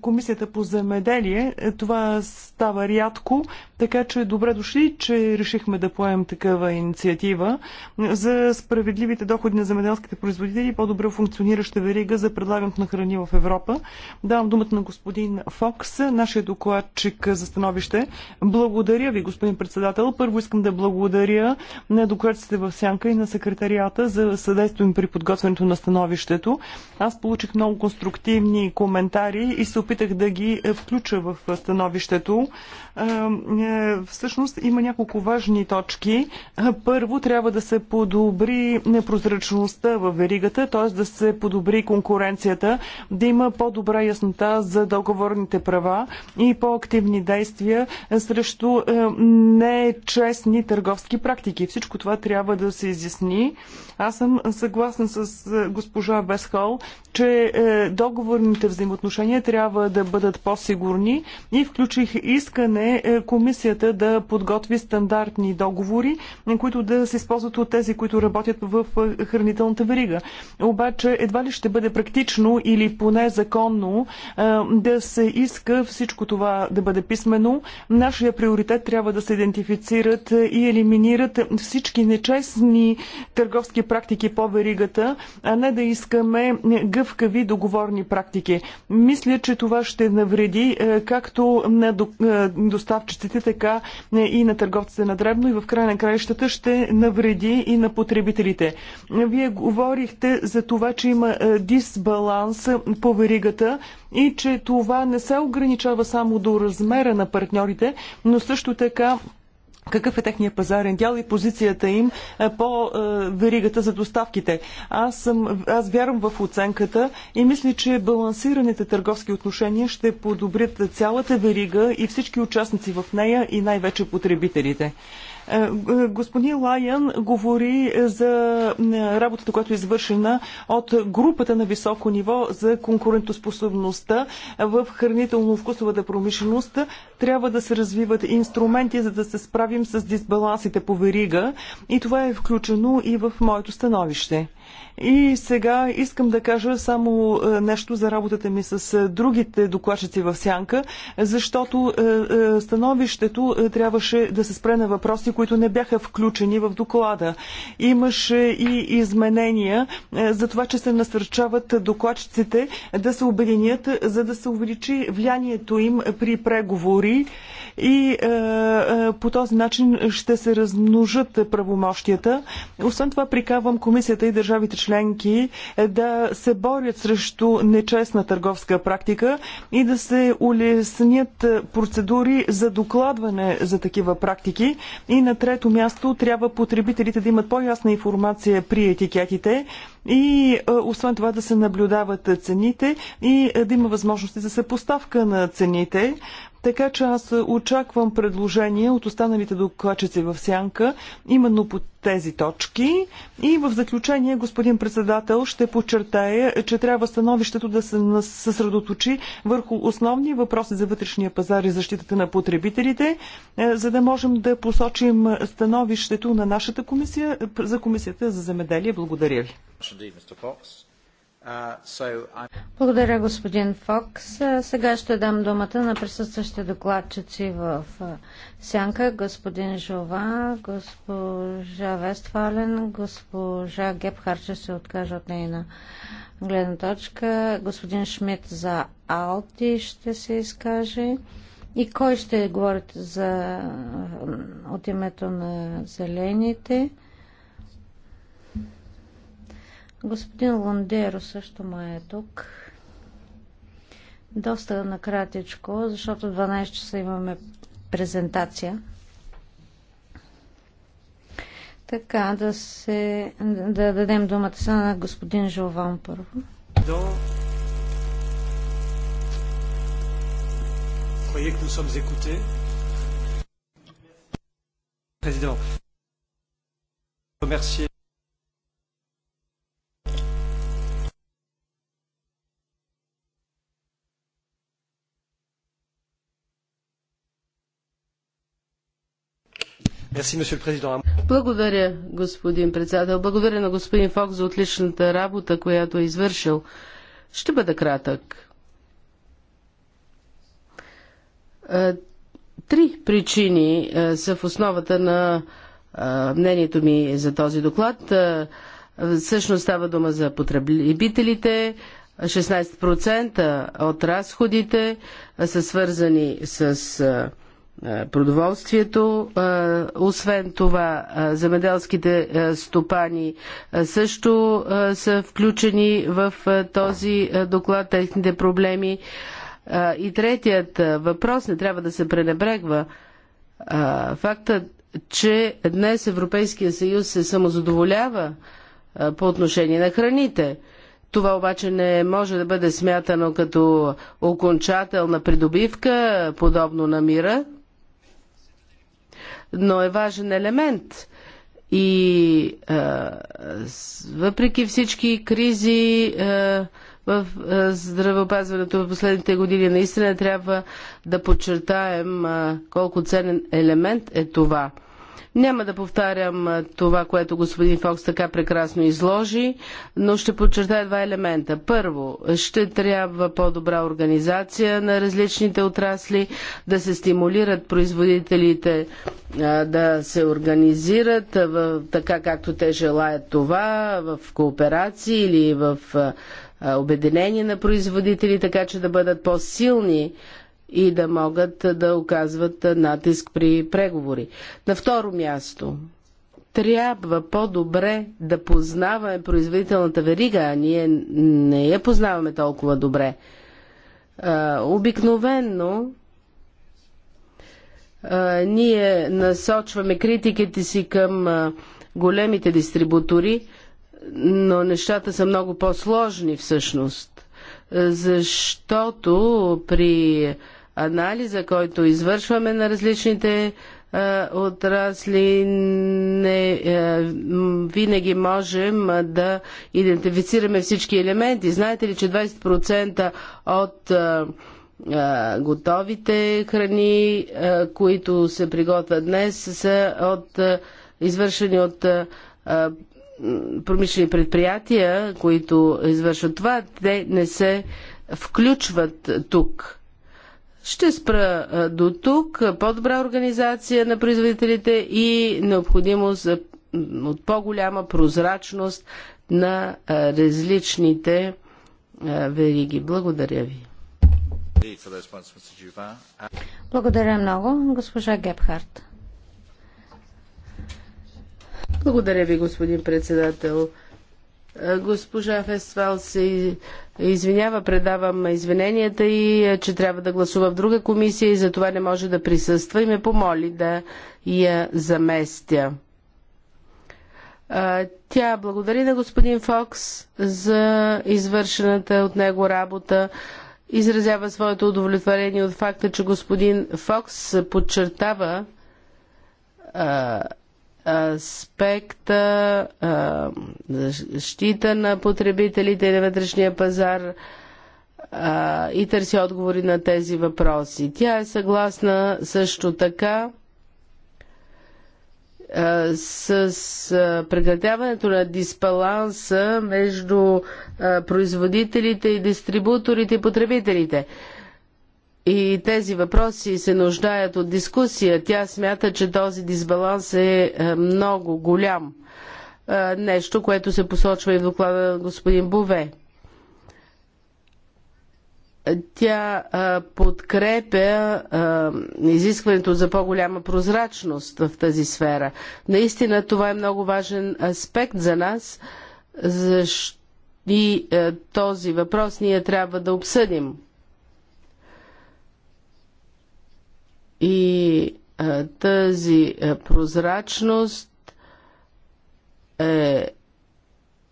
Комисията по земеделие. Това става рядко, така че добре дошли, че решихме да поемем такава инициатива за справедливите доходи на земеделските производители и по добра функционираща верига за предлагането на храни в Европа. Давам думата на господин Фокс, нашия докладчик за становище. Благодаря ви, господин председател. Първо искам да благодаря на докладците в Сянка и на секретарията за съдействието им при подготвянето на становището. Аз получих много конструктивни коментари и се опитах да ги включа в становището. Е, всъщност има няколко важни точки. Първо трябва да се подобри непрозрачността в веригата, т.е. да се подобри конкуренцията, да има по-добра яснота за договорните права и по-активни действия срещу е, нечестни търговски практики. Всичко това трябва да се изясни. Аз съм съгласна с е, госпожа Бесхол, че е, договорните взаимоотношения трябва да бъдат по-сигурни и включих искане комисията да подготви стандартни договори, които да се използват ползват от тези, които работят в е, хранителната верига. Обаче едва ли ще бъде практично или поне законно е, да се иска всичко това да бъде писмено. Нашия приоритет трябва да се идентифицират и елиминират всички нечестни търговски практики по веригата, а не да искаме гъвкави договорни практики. Мисля, че това ще навреди е, както на доставчиците, така и на търговците на дребно и в край на краищата ще навреди вреди и на потребителите. Вие говорихте за това, че има е, дисбаланс е, по веригата и че това не се ограничава само до размера на партньорите, но също така какъв е техния пазарен дял и позицията им е, по веригата за доставките. Аз, съм, аз вярвам в оценката и мисля, че балансираните търговски отношения ще подобрят цялата верига и всички участници в нея и най-вече потребителите. Е, господин Лайан говори за е, работата, която е извършена от групата на високо ниво за конкурентоспособността в хранително-вкусовата промишленост. Трябва да се развиват инструменти, за да се справим с дисбалансите по верига и това е включено и в моето становище. И сега искам да кажа само е, нещо за работата ми с е, другите докладчици в Сянка, защото е, становището трябваше да се спре на въпроси, които не бяха включени в доклада. Имаше и изменения за това, че се насърчават докладчиците да се обединят, за да се увеличи влиянието им при преговори и по този начин ще се размножат правомощията. Освен това прикавам комисията и държавите членки е да се борят срещу нечестна търговска практика и да се улеснят процедури за докладване за такива практики. И на трето място трябва потребителите да имат по-ясна информация при етикетите и е, освен това да се наблюдават цените и е, да има възможности за съпоставка на цените. Така че аз очаквам предложения от останалите докладчици в сянка, именно по тези точки. И в заключение, господин председател, ще подчертая, че трябва становището да се съсредоточи върху основни въпроси за вътрешния пазар и защитата на потребителите, е, за да можем да посочим становището на нашата комисия за комисията за земеделие. Благодаря ви. Благодаря, господин Фокс. Сега ще дам думата на присъстващите докладчици в Сянка. Господин Жова, госпожа Вестфален, госпожа Гепхар ще се откаже от нейна гледна точка. Господин Шмидт за Алти ще се изкаже. И кой ще говорите за, от името на зелените? Господин Лондеро също ма е тук. Доста накратичко, защото 12 часа имаме презентация. Така, да се... да дадем думата са на господин Жован първо. До croyez que nous sommes écoutés Président, remercier Благодаря, господин председател. Благодаря на господин Фокс за отличната работа, която е извършил. Ще бъда кратък. Три причини са в основата на мнението ми за този доклад. Всъщност става дума за потребителите. 16% от разходите са свързани с е, продоволствието. Е, освен това, е, земеделските стопани също са включени в този доклад, техните проблеми. И третият въпрос не трябва да се пренебрегва. Фактът, че днес Европейския съюз се самозадоволява по отношение на храните. Това обаче не може да бъде смятано като окончателна придобивка, подобно на мира, но е важен елемент. И а, въпреки всички кризи а, в а, здравеопазването в последните години, наистина трябва да подчертаем а, колко ценен елемент е това. Няма да повтарям това, което господин Фокс така прекрасно изложи, но ще подчертая два елемента. Първо, ще трябва по-добра организация на различните отрасли, да се стимулират производителите да се организират така както те желаят това, в кооперации или в обединение на производители, така че да бъдат по-силни и да могат да оказват натиск при преговори. На второ място, трябва по-добре да познаваме производителната верига, а ние не я познаваме толкова добре. Обикновенно ние насочваме критиките си към големите дистрибутори, но нещата са много по-сложни всъщност, защото при анализа, който извършваме на различните отрасли не винаги можем да идентифицираме всички елементи. Знаете ли, че 20% от готовите храни, които се приготвят днес, са от, извършени от промишлени предприятия, които извършват това. Те не се включват тук. Ще спра до тук по-добра организация на производителите и необходимост от по-голяма прозрачност на различните вериги. Благодаря ви. Благодаря много, госпожа Гебхарт. Благодаря ви, господин председател. Госпожа Фествал се извинява, предавам извиненията и е, че трябва да гласува в друга комисия и затова не може да присъства и ме помоли да я заместя. Тя благодари на господин Фокс за извършената от него работа. Изразява своето удовлетворение от факта, че господин Фокс подчертава аспекта, защита на потребителите и на вътрешния пазар и търси отговори на тези въпроси. Тя е съгласна също така с прекратяването на дисбаланса между производителите и дистрибуторите и потребителите. И тези въпроси се нуждаят от дискусия. Тя смята, че този дисбаланс е, е много голям. Е, нещо, което се посочва и в доклада на господин Бове. Тя е, подкрепя изискването за по-голяма прозрачност в тази сфера. Наистина това е много важен аспект за нас, защото и този въпрос ние трябва да обсъдим. И тази прозрачност е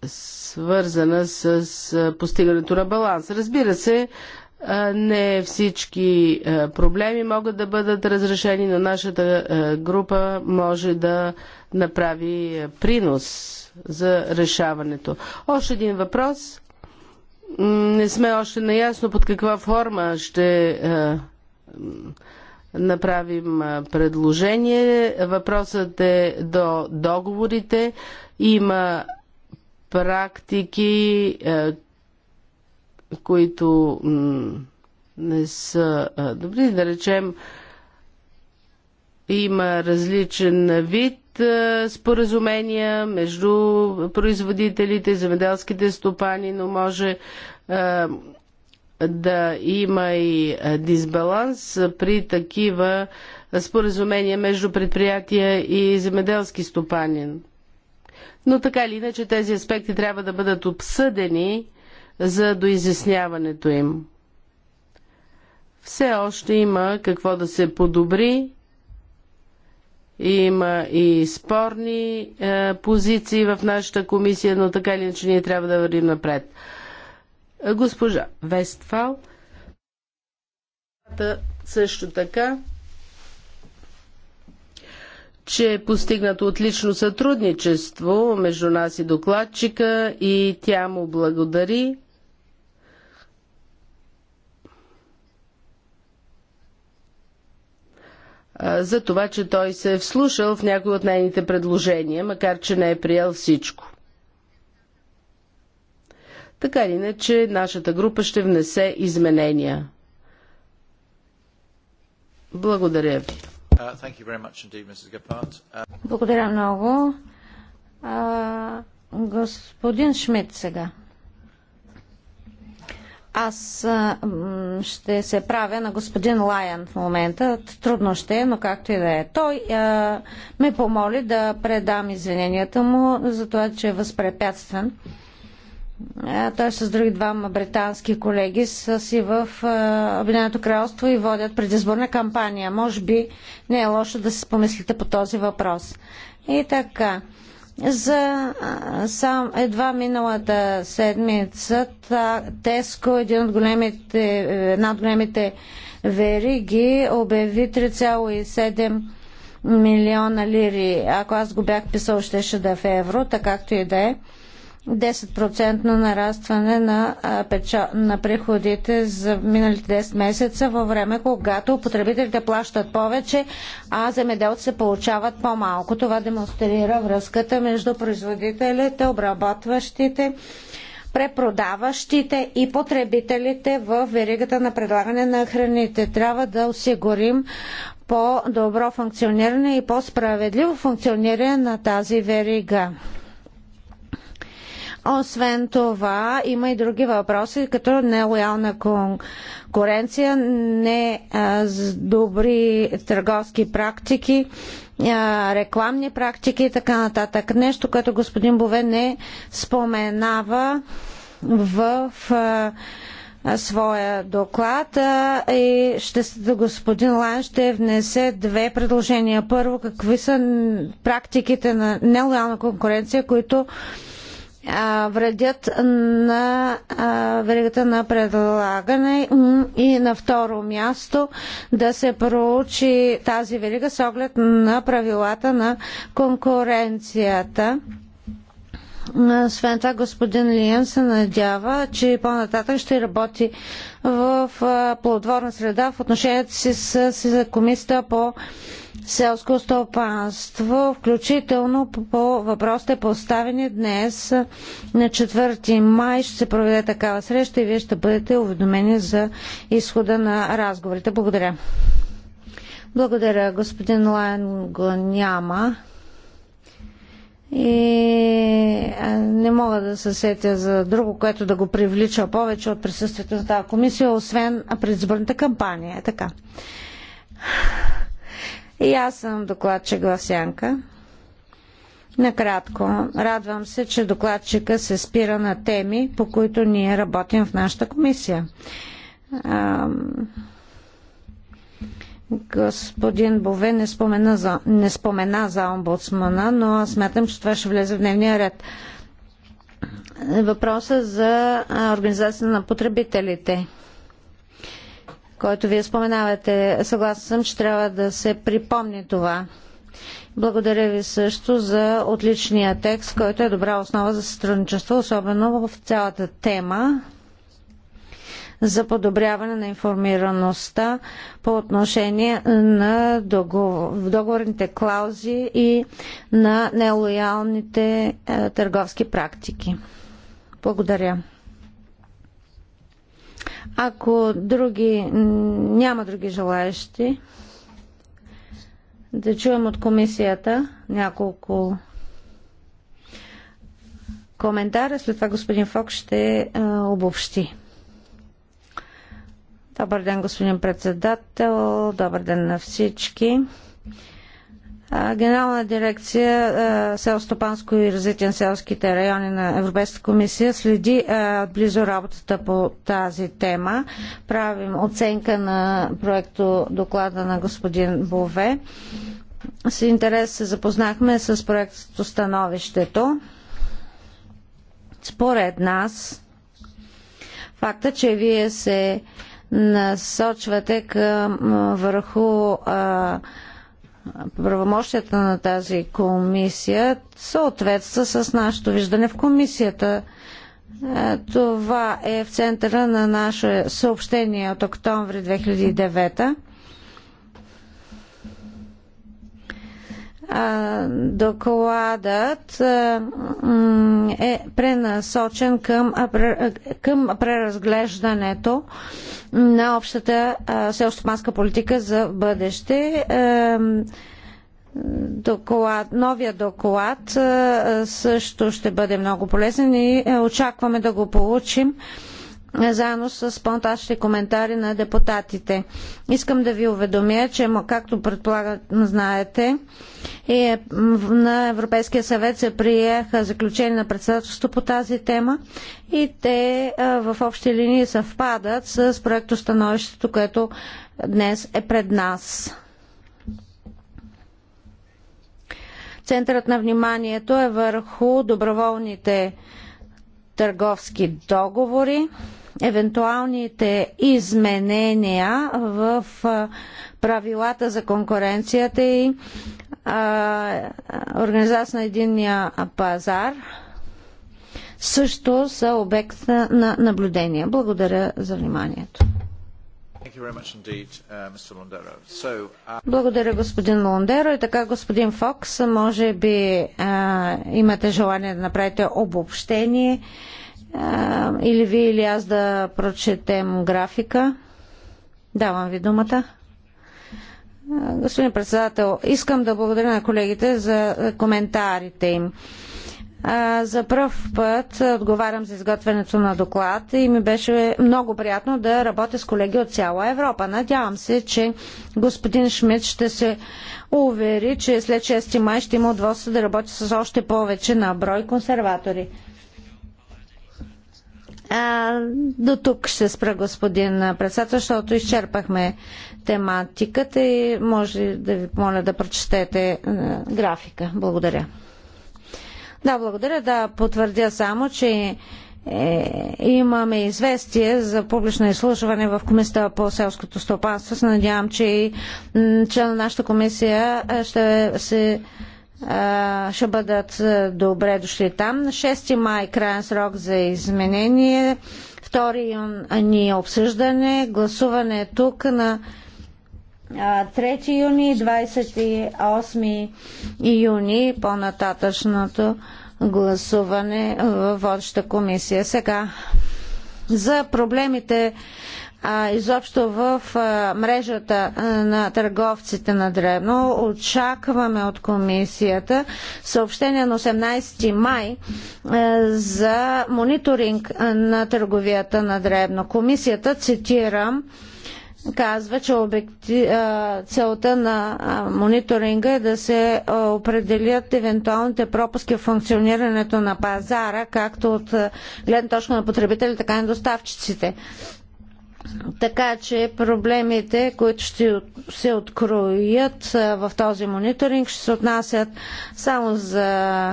свързана с постигането на баланс. Разбира се, не всички проблеми могат да бъдат разрешени, но нашата група може да направи принос за решаването. Още един въпрос. Не сме още наясно под каква форма ще направим предложение. Въпросът е до договорите. Има практики, които не са добри. Да речем, има различен вид споразумения между производителите, земеделските стопани, но може да има и дисбаланс при такива споразумения между предприятия и земеделски стопанин. Но така или иначе тези аспекти трябва да бъдат обсъдени за доизясняването им. Все още има какво да се подобри. Има и спорни е, позиции в нашата комисия, но така или иначе ние трябва да вървим напред. Госпожа Вестфал също така, че е постигнато отлично сътрудничество между нас и докладчика и тя му благодари. за това, че той се е вслушал в някои от нейните предложения, макар че не е приел всичко. Така или иначе, нашата група ще внесе изменения. Благодаря ви. Uh, uh, Благодаря много. господин Шмидт сега. Аз ще се правя на господин Лайан в момента. Трудно ще е, но както и да е. Той а, ме помоли да предам извиненията му за това, че е възпрепятстван. Той с други двама британски колеги са си в Обединеното кралство и водят предизборна кампания. Може би не е лошо да се помислите по този въпрос. И така. За сам едва миналата седмица Теско, един от големите, една от големите вериги, обяви 3,7 милиона лири. Ако аз го бях писал, щеше да е в евро, така както и да е. 10% нарастване на, печа... на приходите за миналите 10 месеца във време, когато потребителите плащат повече, а земеделците получават по-малко. Това демонстрира връзката между производителите, обработващите, препродаващите и потребителите в веригата на предлагане на храните. Трябва да осигурим по-добро функциониране и по-справедливо функциониране на тази верига. Освен това, има и други въпроси, като нелоялна конкуренция, не добри търговски практики, рекламни практики и така нататък. Нещо, което господин Бове не споменава в своя доклад и ще, господин Лан ще внесе две предложения. Първо, какви са практиките на нелоялна конкуренция, които вредят на веригата на предлагане и на второ място да се проучи тази верига с оглед на правилата на конкуренцията. Освен това, господин Лиен се надява, че по-нататък ще работи в плодотворна среда в отношенията си с, с комисията по селско стопанство, включително по, по въпросите поставени днес на 4 май. Ще се проведе такава среща и вие ще бъдете уведомени за изхода на разговорите. Благодаря. Благодаря, господин Лайен го няма. И не мога да се сетя за друго, което да го привлича повече от присъствието за тази комисия, освен предизборната кампания. Е така. И аз съм докладче гласянка. Накратко, радвам се, че докладчика се спира на теми, по които ние работим в нашата комисия. Господин Бове не спомена, за, не спомена за омбудсмана, но аз смятам, че това ще влезе в дневния ред. Въпросът за организация на потребителите който вие споменавате. Съгласна съм, че трябва да се припомни това. Благодаря ви също за отличния текст, който е добра основа за сътрудничество, особено в цялата тема за подобряване на информираността по отношение на договорните клаузи и на нелоялните е, търговски практики. Благодаря. Ако други, няма други желаящи, да чуем от комисията няколко коментара. След това господин Фок ще е, обобщи. Добър ден, господин председател. Добър ден на всички. Генерална дирекция Селстопанско и развитие на селските райони на Европейската комисия следи близо работата по тази тема. Правим оценка на проекто доклада на господин Бове. С интерес се запознахме с проектото становището. Според нас, факта, че вие се насочвате към върху а, правомощията на тази комисия съответства с нашето виждане в комисията. Това е в центъра на наше съобщение от октомври 2009 докладът е пренасочен към, към преразглеждането на общата селстопанска политика за бъдеще. Доклад, новия доклад също ще бъде много полезен и очакваме да го получим заедно с по-нататъчни коментари на депутатите. Искам да ви уведомя, че както предполагам знаете, е, на Европейския съвет се приеха заключение на председателство по тази тема и те е, в общи линии съвпадат с проектостановището, което днес е пред нас. Центърът на вниманието е върху доброволните търговски договори евентуалните изменения в правилата за конкуренцията и Организация на единния пазар също са обект на наблюдение. Благодаря за вниманието. Uh, uh, Благодаря, господин Лондеро. И така, господин Фокс, може би а, имате желание да направите обобщение а, или вие или аз да прочетем графика. Давам ви думата. Господин председател, искам да благодаря на колегите за коментарите им. За пръв път отговарям за изготвянето на доклад и ми беше много приятно да работя с колеги от цяла Европа. Надявам се, че господин Шмидт ще се увери, че след 6 май ще има удоволствие да работи с още повече на брой консерватори. А, до тук ще спра господин председател, защото изчерпахме тематиката и може да ви помоля да прочетете графика. Благодаря. Да, благодаря. Да, потвърдя само, че е, имаме известие за публично изслушване в Комисията по селското стопанство. надявам, че и член на нашата комисия ще се ще бъдат добре дошли там. На 6 май крайен срок за изменение, 2 юни е обсъждане, гласуване е тук на 3 юни и 28 юни по-нататъчното гласуване в водеща комисия. Сега за проблемите а, изобщо в а, мрежата а, на търговците на Древно. Очакваме от комисията съобщение на 18 май а, за мониторинг на търговията на Древно. Комисията, цитирам, казва, че обекти... целта на мониторинга е да се определят евентуалните пропуски в функционирането на пазара, както от гледна точка на потребителите, така и на доставчиците. Така че проблемите, които ще се откроят в този мониторинг, ще се отнасят само за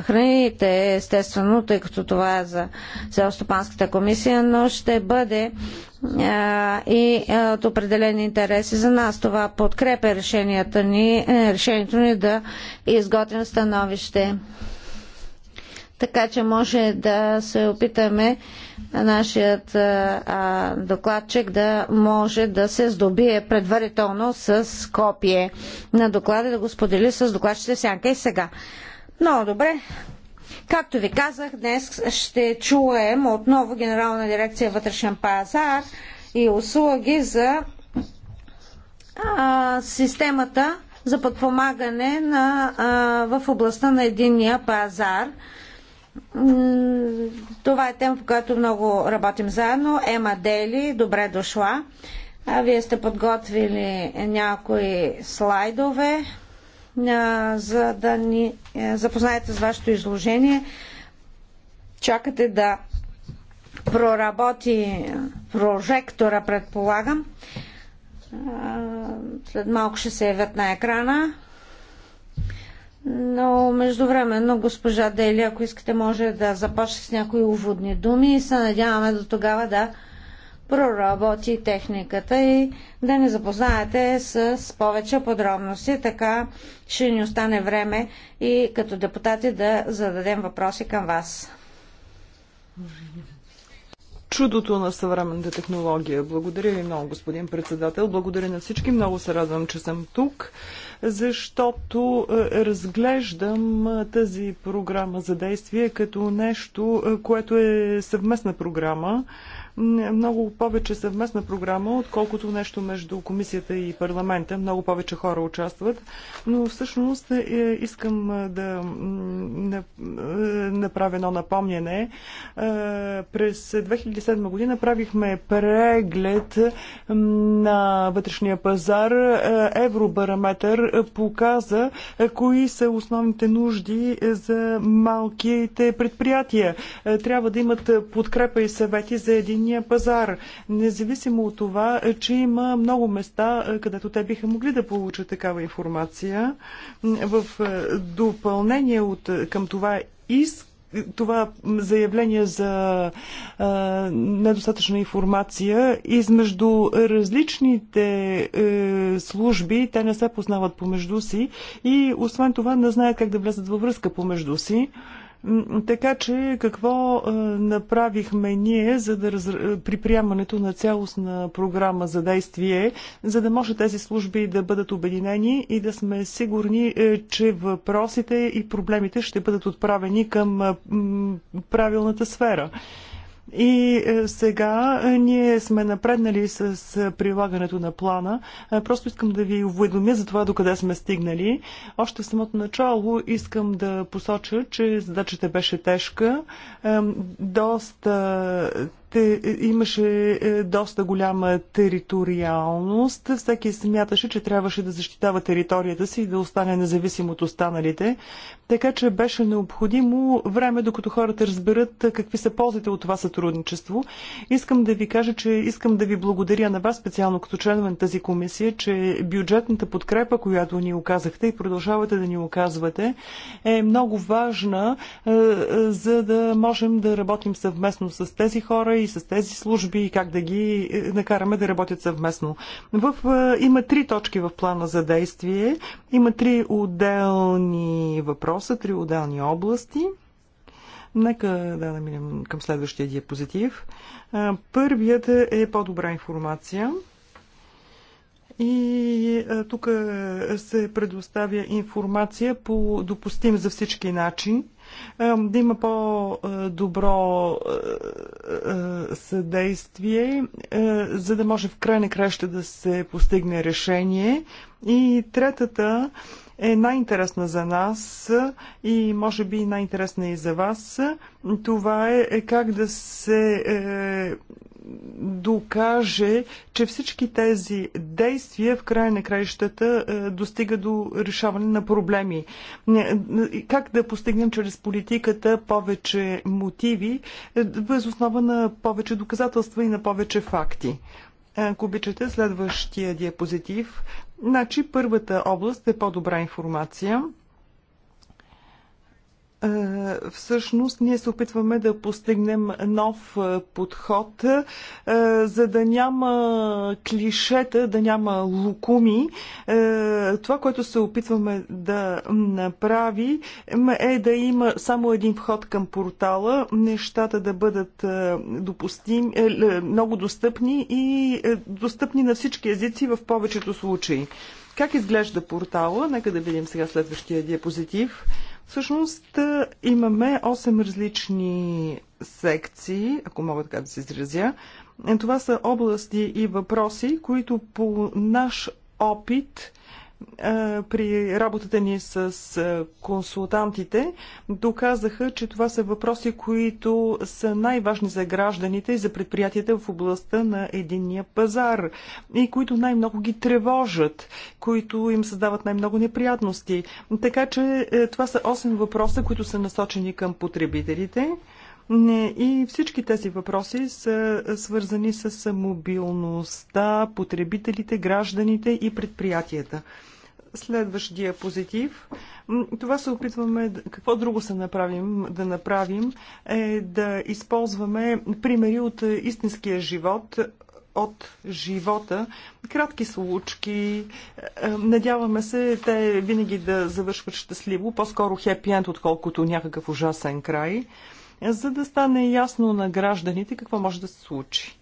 храните, естествено, тъй като това е за Селостопанската комисия, но ще бъде и от определени интереси за нас. Това подкрепя решението ни, е, решението ни да изготвим становище. Така че може да се опитаме нашият а, докладчик да може да се здобие предварително с копие на доклада да го сподели с докладчите Сянка и сега. Много добре. Както ви казах, днес ще чуем отново Генерална дирекция вътрешен пазар и услуги за а, системата за подпомагане на, а, в областта на единния пазар. Това е тема, по която много работим заедно. Ема Дели, добре дошла. А вие сте подготвили някои слайдове, за да ни е, запознаете с вашето изложение. Чакате да проработи прожектора, предполагам. След малко ще се явят на екрана. Но междувременно госпожа Дели, ако искате, може да започне с някои уводни думи и се надяваме до тогава да проработи техниката и да не запознаете с повече подробности, така ще ни остане време и като депутати да зададем въпроси към вас. Чудото на съвременната технология. Благодаря ви много, господин председател. Благодаря на всички. Много се радвам, че съм тук защото е, разглеждам е, тази програма за действие като нещо, е, което е съвместна програма много повече съвместна програма, отколкото нещо между комисията и парламента. Много повече хора участват. Но всъщност е, искам е, да е, направя едно напомняне. През 2007 година правихме преглед на вътрешния пазар. Евробараметър показа кои са основните нужди за малките предприятия. Трябва да имат подкрепа и съвети за един единния пазар, независимо от това, че има много места, е, където те биха могли да получат такава информация. В е, допълнение от, е, към това иск, това заявление за а, недостатъчна информация измежду различните е, служби, те не се познават помежду си и освен това не знаят как да влезат във връзка помежду си. Е, така че какво е, направихме ние за да раз... Е, при приемането на цялостна програма за действие, за да може тези служби да бъдат обединени и да сме сигурни, е, че въпросите и проблемите ще бъдат отправени към правилната сфера. И е, сега е, ние сме напреднали с е, прилагането на плана. Просто искам да ви уведомя за това докъде сме стигнали. Още в самото начало искам да посоча, че задачата беше тежка, доста те, е, имаше е, доста голяма териториалност. Всеки смяташе, че трябваше да защитава територията си и да остане независим от останалите. Така че беше необходимо време, докато хората разберат е, какви са ползите от това сътрудничество. Искам да ви кажа, че искам да ви благодаря на вас, специално като членове на тази комисия, че бюджетната подкрепа, която ни оказахте и продължавате да ни оказвате, е много важна, за да можем да работим съвместно с тези хора и с тези служби и как да ги е, накараме да работят съвместно. В, е, има три точки в плана за действие. Има три отделни въпроса, три отделни области. Нека да наминем към следващия диапозитив. Е, първият е по-добра информация. И тук се предоставя информация по допустим за всички начин, да има по-добро съдействие, за да може в край на краща да се постигне решение. И третата е най-интересна за нас и може би най-интересна и за вас. Това е, е как да се е, докаже, че всички тези действия в края на краищата е, достига до решаване на проблеми. Е, е, как да постигнем чрез политиката повече мотиви, въз основа на повече доказателства и на повече факти? Ако обичате, следващия диапозитив. Значи първата област е по-добра информация – е, всъщност ние се опитваме да постигнем нов е, подход, е, за да няма клишета, да няма лукуми. Това, което се опитваме да направи, е да има само един вход към портала, нещата да бъдат допустим, много достъпни и достъпни на всички езици в повечето случаи. Как изглежда портала? Нека да видим сега следващия диапозитив. Всъщност е, имаме 8 различни секции, ако мога така да се изразя. Е, това са области и въпроси, които по наш опит при работата ни с консултантите доказаха, че това са въпроси, които са най-важни за гражданите и за предприятията в областта на единния пазар и които най-много ги тревожат, които им създават най-много неприятности. Така че е, това са 8 въпроса, които са насочени към потребителите. Не, и всички тези въпроси са свързани с мобилността, потребителите, гражданите и предприятията. Следващ диапозитив. Това се опитваме, какво друго се направим, да направим, е да използваме примери от истинския живот, от живота. Кратки случки. Е, е, надяваме се те винаги да завършват щастливо, по-скоро хепи енд, отколкото някакъв ужасен край за да стане ясно на гражданите какво може да се случи.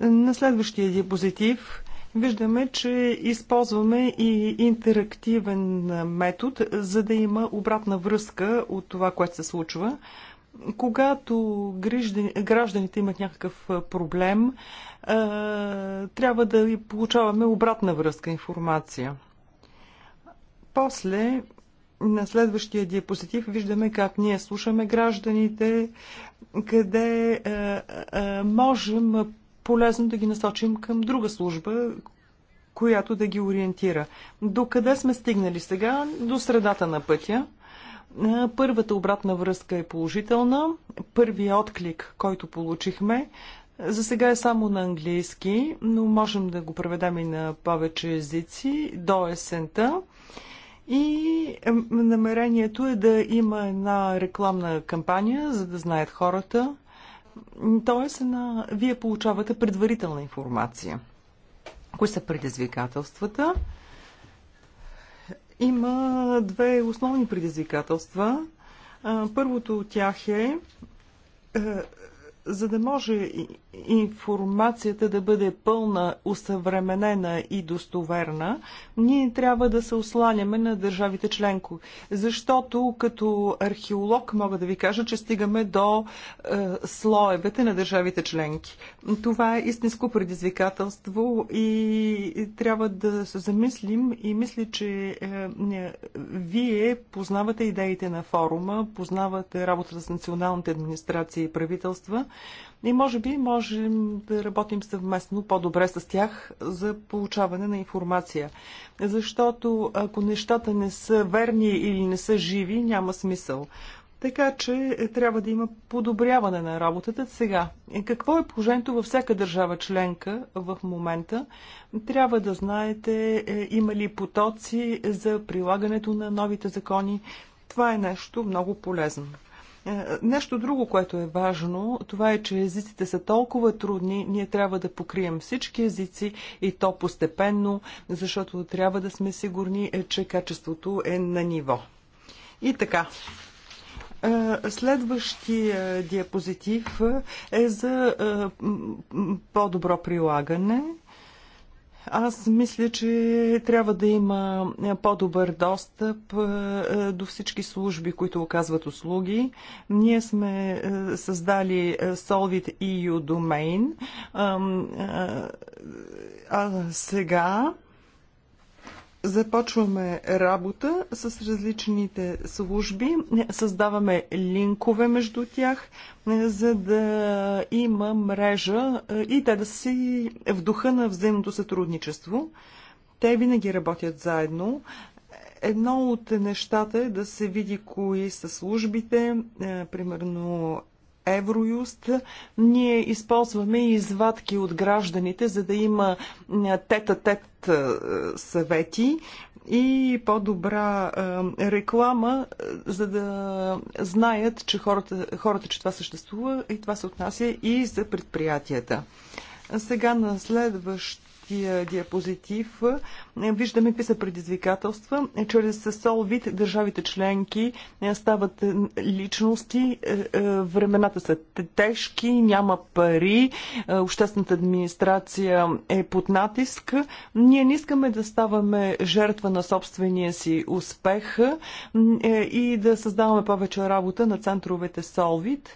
На следващия диапозитив виждаме, че използваме и интерактивен метод, за да има обратна връзка от това, което се случва. Когато гражданите имат някакъв проблем, трябва да получаваме обратна връзка информация. После на следващия диапозитив виждаме как ние слушаме гражданите, къде е, е, е, можем полезно да ги насочим към друга служба, която да ги ориентира. До къде сме стигнали сега? До средата на пътя. Първата обратна връзка е положителна. Първият отклик, който получихме, за сега е само на английски, но можем да го преведем и на повече езици до есента. И намерението е да има една рекламна кампания, за да знаят хората. Тоест, една... вие получавате предварителна информация. Кои са предизвикателствата? Има две основни предизвикателства. Първото от тях е, е за да може информацията да бъде пълна, усъвременена и достоверна, ние трябва да се осланяме на държавите членко. Защото като археолог мога да ви кажа, че стигаме до е, слоевете на държавите членки. Това е истинско предизвикателство и трябва да се замислим и мисля, че е, е, вие познавате идеите на форума, познавате работата с националните администрации и правителства и може би може можем да работим съвместно по-добре с тях за получаване на информация. Защото ако нещата не са верни или не са живи, няма смисъл. Така че трябва да има подобряване на работата. Сега, какво е положението във всяка държава членка в момента? Трябва да знаете е, има ли потоци за прилагането на новите закони. Това е нещо много полезно. Е, нещо друго, което е важно, това е, че езиците са толкова трудни, ние трябва да покрием всички езици и то постепенно, защото трябва да сме сигурни, е, че качеството е на ниво. И така. Е, следващия диапозитив е за по-добро прилагане аз мисля, че трябва да има по-добър достъп е, до всички служби, които оказват услуги. Ние сме е, създали е, Solvit EU Domain. А сега Започваме работа с различните служби, създаваме линкове между тях, за да има мрежа е, и те да си в духа на взаимното сътрудничество. Те винаги работят заедно. Едно от нещата е да се види кои са службите, е, примерно Евроюст. Ние използваме извадки от гражданите, за да има тета-тет съвети и по-добра реклама, за да знаят, че хората, хората, че това съществува и това се отнася и за предприятията. Сега на следващ следващия диапозитив е, виждаме какви са предизвикателства. Е, чрез Солвит държавите членки е, стават личности, времената са тежки, няма пари, обществената администрация е под натиск. Ние не искаме да ставаме жертва на собствения си успех и да създаваме повече работа на центровете Солвит.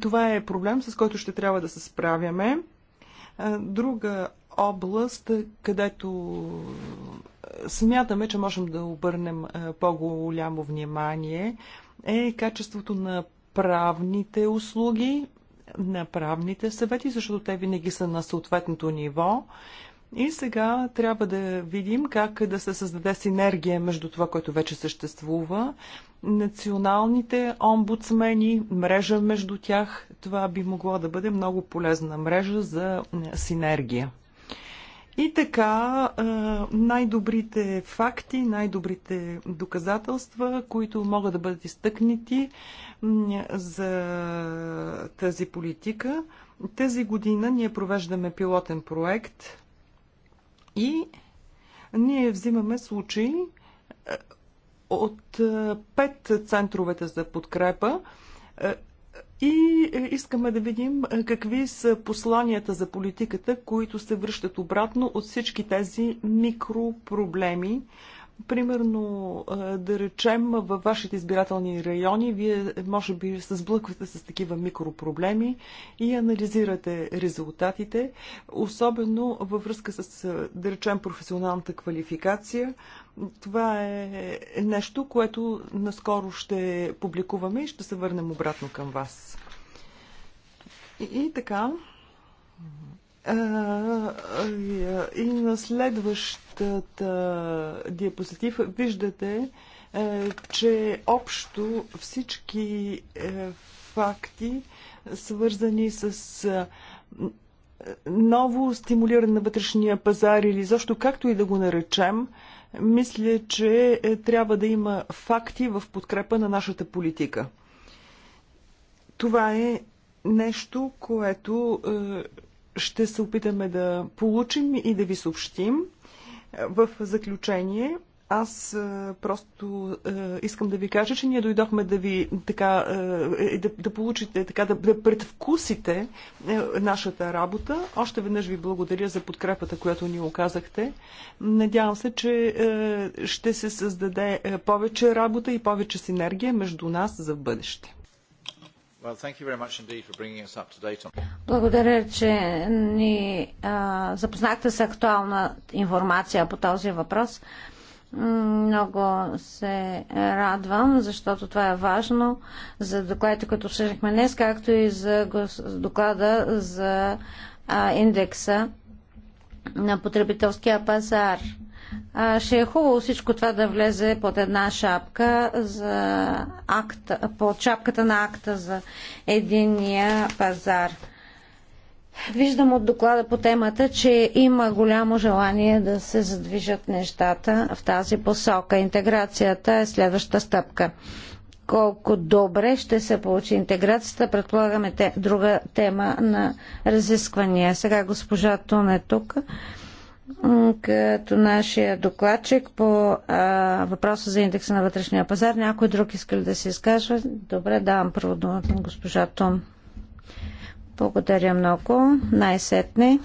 Това е проблем, с който ще трябва да се справяме. Друга област, където е, смятаме, че можем да обърнем е, по-голямо внимание, е качеството на правните услуги, на правните съвети, защото те винаги са на съответното ниво. И сега трябва да видим как да се създаде синергия между това, което вече съществува, националните омбудсмени, мрежа между тях. Това би могло да бъде много полезна мрежа за синергия. И така, е, най-добрите факти, най-добрите доказателства, които могат да бъдат изтъкнати за тази политика. Тази година ние провеждаме пилотен проект и ние взимаме случаи е, от е, пет центровете за подкрепа и е, искаме да видим е, какви са посланията за политиката, които се връщат обратно от всички тези микропроблеми, Примерно, да речем, във вашите избирателни райони, вие може би се сблъквате с такива микропроблеми и анализирате резултатите, особено във връзка с, да речем, професионалната квалификация. Това е, е нещо, което наскоро ще публикуваме и ще се върнем обратно към вас. И, и така. И на следващата диапозитив виждате, че общо всички е, факти, свързани с ново стимулиране на вътрешния пазар или защо както и да го наречем, мисля, че е, трябва да има факти в подкрепа на нашата политика. Това е нещо, което е, ще се опитаме да получим и да ви съобщим. В заключение, аз е, просто е, искам да ви кажа, че ние дойдохме да ви така, е, да, да получите, така да, да предвкусите нашата работа. Още веднъж ви благодаря за подкрепата, която ни оказахте. Надявам се, че ще се създаде повече работа и повече синергия между нас за бъдеще. Благодаря, че ни а, запознахте с актуална информация по този въпрос. Много се радвам, защото това е важно за докладите, които обсъждахме днес, както и за доклада за а, индекса на потребителския пазар ще е хубаво всичко това да влезе под една шапка за акта, под шапката на акта за единния пазар. Виждам от доклада по темата, че има голямо желание да се задвижат нещата в тази посока. Интеграцията е следваща стъпка. Колко добре ще се получи интеграцията, предполагаме те, друга тема на разисквания. Сега госпожа Тун е тук като нашия докладчик по а, въпроса за индекса на вътрешния пазар. Някой друг иска ли да се изкаже? Добре, давам първо думата на госпожа Том. Благодаря много. Най-сетне.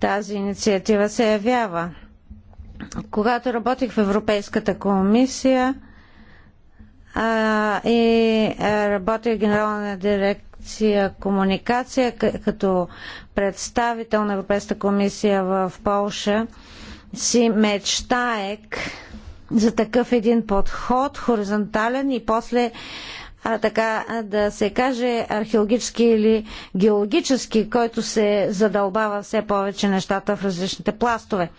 Тази инициатива се явява. Когато работих в Европейската комисия а, и работих генерална директ дирекция комуникация като представител на Европейската комисия в Полша си мечтаек за такъв един подход, хоризонтален и после а, така да се каже археологически или геологически, който се задълбава все повече нещата в различните пластове.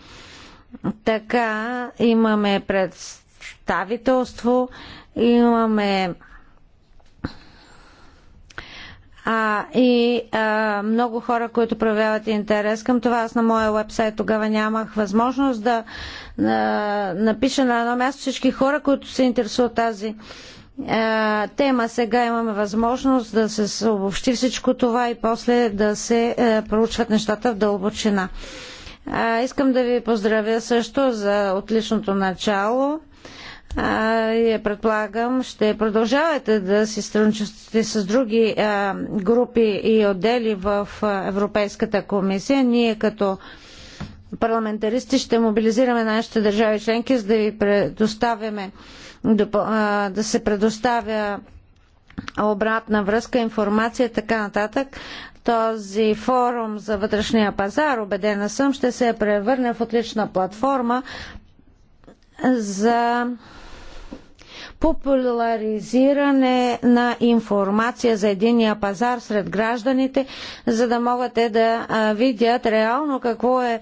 Така имаме представителство, имаме а, и а, много хора, които проявяват интерес към това. Аз на моя вебсайт тогава нямах възможност да а, напиша на едно място всички хора, които се интересуват тази а, тема. Сега имаме възможност да се съобщи всичко това и после да се а, проучват нещата в дълбочина. А, искам да ви поздравя също за отличното начало а, предполагам, ще продължавате да си сътрудничате с други а, групи и отдели в Европейската комисия. Ние като парламентаристи ще мобилизираме нашите държави членки, за да ви предоставяме да се предоставя обратна връзка, информация и така нататък. Този форум за вътрешния пазар, убедена съм, ще се превърне в отлична платформа за популяризиране на информация за единия пазар сред гражданите, за да могат те да видят реално какво е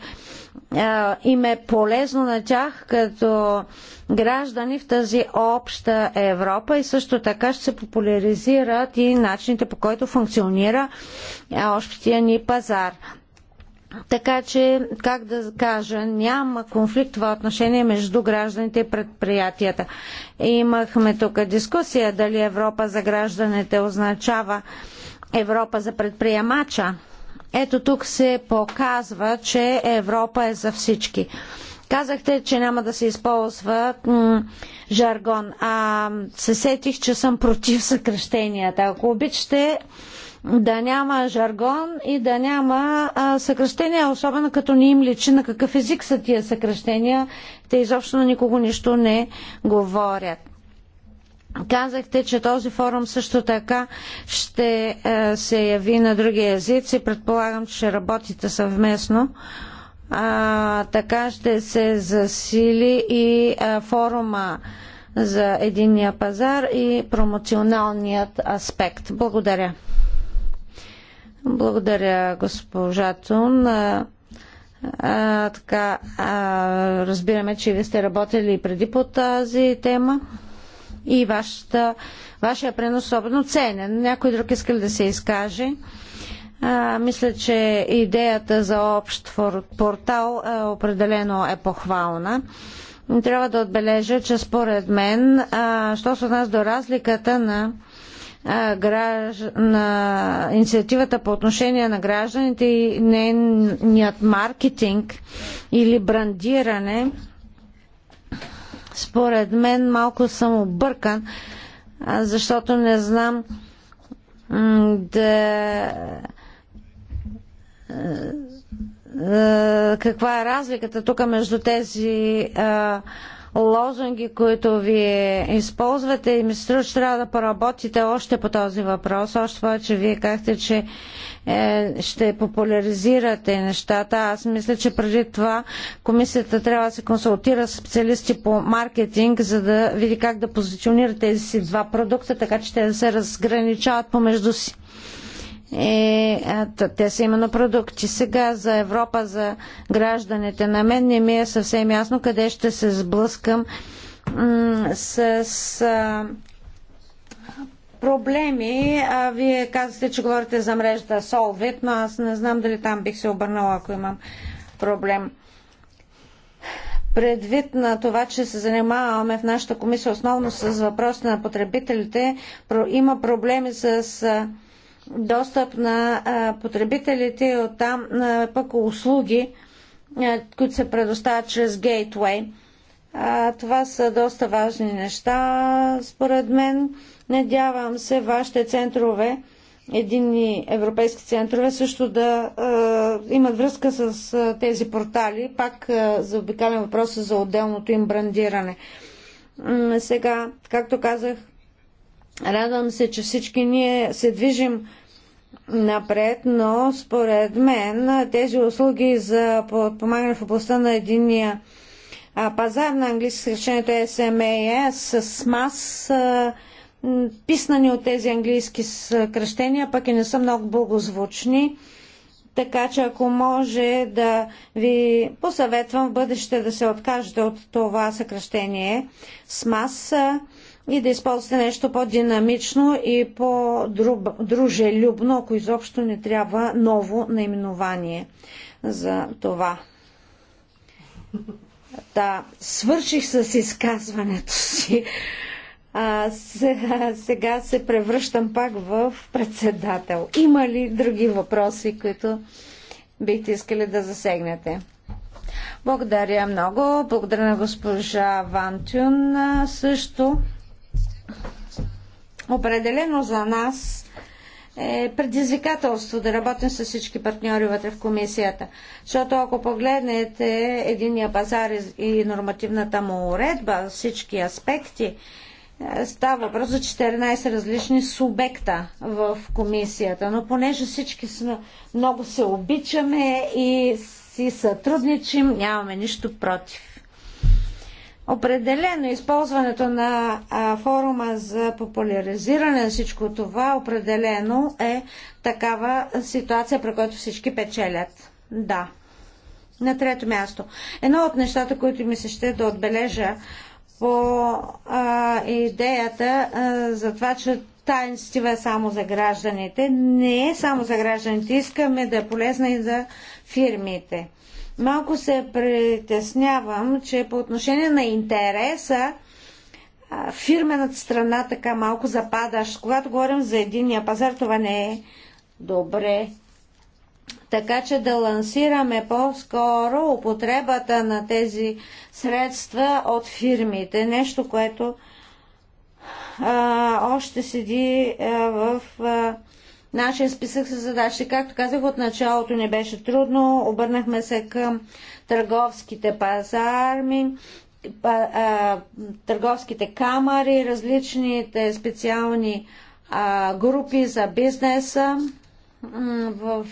им е полезно на тях като граждани в тази обща Европа и също така ще се популяризират и начините по който функционира общия ни пазар. Така че, как да кажа, няма конфликт в отношение между гражданите и предприятията. Имахме тук дискусия дали Европа за гражданите означава Европа за предприемача. Ето тук се показва, че Европа е за всички. Казахте, че няма да се използва жаргон. А се сетих, че съм против съкръщенията. Ако обичате, да няма жаргон и да няма а, съкръщения, особено като не им личи на какъв език са тия съкръщения. Те изобщо на никого нищо не говорят. Казахте, че този форум също така ще а, е, се яви на други езици. Предполагам, че ще работите съвместно. А, така ще се засили и а, форума за единния пазар и промоционалният аспект. Благодаря. Благодаря, госпожа Тун. А, а, така, а, разбираме, че вие сте работили и преди по тази тема и вашата, вашия пренос особено ценен. Някой друг искал да се изкаже. А, мисля, че идеята за общ портал а, определено е похвална. Трябва да отбележа, че според мен, а, що се нас до разликата на на инициативата по отношение на гражданите и нейният маркетинг или брандиране, според мен малко съм объркан, защото не знам да каква е разликата тук между тези а, лозунги, които вие използвате и ми струва, че трябва да поработите още по този въпрос. Още повече вие казахте, че е, ще популяризирате нещата. Аз мисля, че преди това комисията трябва да се консултира с специалисти по маркетинг, за да види как да позиционира тези си два продукта, така че те да се разграничават помежду си. И, е, а, те са именно продукти. Сега за Европа, за гражданите. На мен не ми е съвсем ясно къде ще се сблъскам с, с проблеми. А, вие казвате, че говорите за мрежата Solvit, но аз не знам дали там бих се обърнала, ако имам проблем. Предвид на това, че се занимаваме в нашата комисия основно с въпросите на потребителите, има проблеми с достъп на потребителите и оттам пък услуги, които се предоставят чрез Gateway. Това са доста важни неща, според мен. Надявам се вашите центрове, единни европейски центрове, също да е, имат връзка с е, тези портали. Пак е, обикален въпроса за отделното им брандиране. Сега, както казах, Радвам се, че всички ние се движим напред, но според мен тези услуги за подпомагане в областта на единия пазар на английски речението SMAS е е, с мас, писнани от тези английски съкръщения, пък и не са много благозвучни. Така че ако може да ви посъветвам в бъдеще да се откажете от това съкръщение маса, и да използвате нещо по-динамично и по-дружелюбно, ако изобщо не трябва ново наименование за това. Да, свърших с изказването си. А, сега, сега се превръщам пак в председател. Има ли други въпроси, които бихте искали да засегнете? Благодаря много. Благодаря на госпожа Вантюн също. Определено за нас е предизвикателство да работим с всички партньори вътре в комисията. Защото ако погледнете единия пазар и нормативната му уредба, всички аспекти, е, става въпрос за 14 различни субекта в комисията. Но понеже всички сме, много се обичаме и си сътрудничим, нямаме нищо против. Определено използването на а, форума за популяризиране на всичко това, определено е такава ситуация, при която всички печелят. Да. На трето място. Едно от нещата, които ми се ще да отбележа по а, идеята а, за това, че таинство е само за гражданите. Не е само за гражданите. Искаме да е полезна и за фирмите. Малко се притеснявам, че по отношение на интереса фирмената страна така малко западаш. Когато говорим за единия пазар, това не е добре. Така че да лансираме по-скоро употребата на тези средства от фирмите. Нещо, което а, още седи а, в а, нашия списък с задачи. Както казах, от началото не беше трудно. Обърнахме се към търговските пазарми, търговските камари, различните специални групи за бизнеса в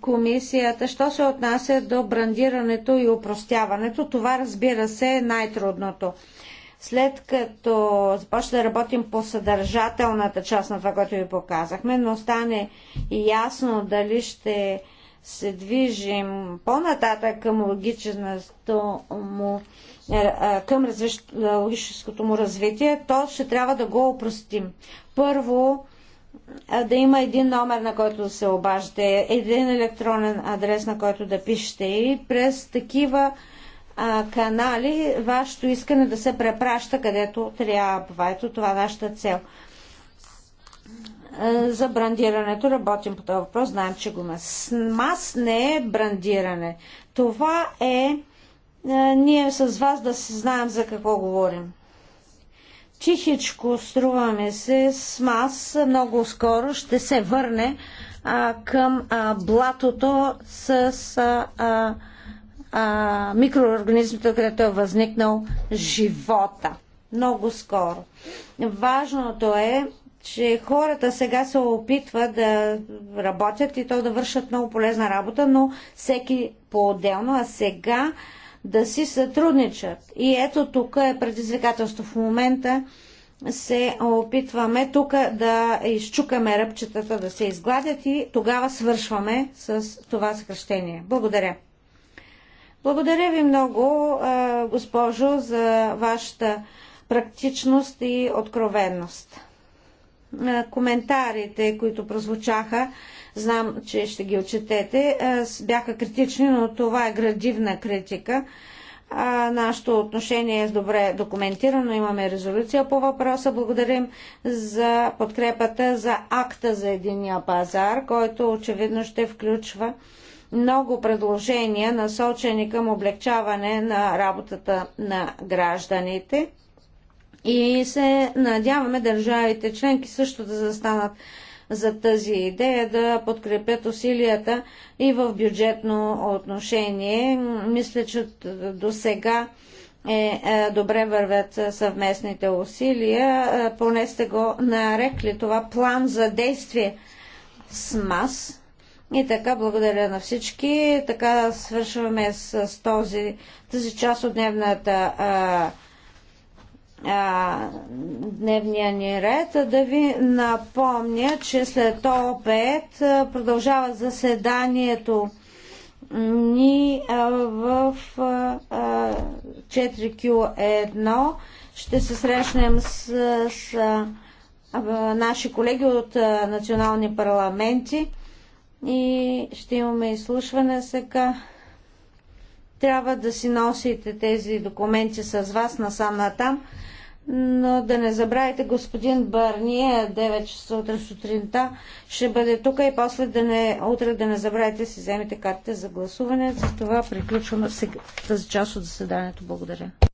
комисията. Що се отнася до брандирането и упростяването, това разбира се е най-трудното. След като започне да работим по съдържателната част на това, което ви показахме, но стане ясно дали ще се движим по-нататък към логическото му е, е, към е, логическото му развитие, то ще трябва да го опростим. Първо, да има един номер, на който да се обаждате, един електронен адрес, на който да пишете и през такива а, канали, вашето искане да се препраща където трябва. Ето това е нашата цел. За брандирането работим по този въпрос, знаем, че го има. Мас не е брандиране. Това е ние с вас да се знаем за какво говорим. Тихичко, струваме се, с мас много скоро ще се върне а, към а, блатото с а, а, а, микроорганизмите, където е възникнал живота. Много скоро. Важното е, че хората сега се опитват да работят и то да вършат много полезна работа, но всеки по-отделно, а сега да си сътрудничат. И ето тук е предизвикателство. В момента се опитваме тук да изчукаме ръбчетата да се изгладят и тогава свършваме с това съкръщение. Благодаря. Благодаря ви много, госпожо, за вашата практичност и откровенност. Коментарите, които прозвучаха, знам, че ще ги отчетете, бяха критични, но това е градивна критика. Нашето отношение е добре документирано, имаме резолюция по въпроса. Благодарим за подкрепата за акта за единия пазар, който очевидно ще включва много предложения, насочени към облегчаване на работата на гражданите. И се надяваме държавите членки също да застанат за тази идея, да подкрепят усилията и в бюджетно отношение. Мисля, че до сега е, е, добре вървят съвместните усилия. Е, поне сте го нарекли това план за действие с МАС и така, благодаря на всички. Така свършваме с, с този, тази част от дневната а, а, дневния ни ред. Да ви напомня, че след обед продължава заседанието ни в 4Q1. Ще се срещнем с, с наши колеги от национални парламенти и ще имаме изслушване сега. Трябва да си носите тези документи с вас насам натам, но да не забравяйте господин Бърния 9 часа утре сутринта ще бъде тук и после да не, утре да не забравяйте си вземете картите за гласуване. За това приключваме тази част от заседанието. Благодаря.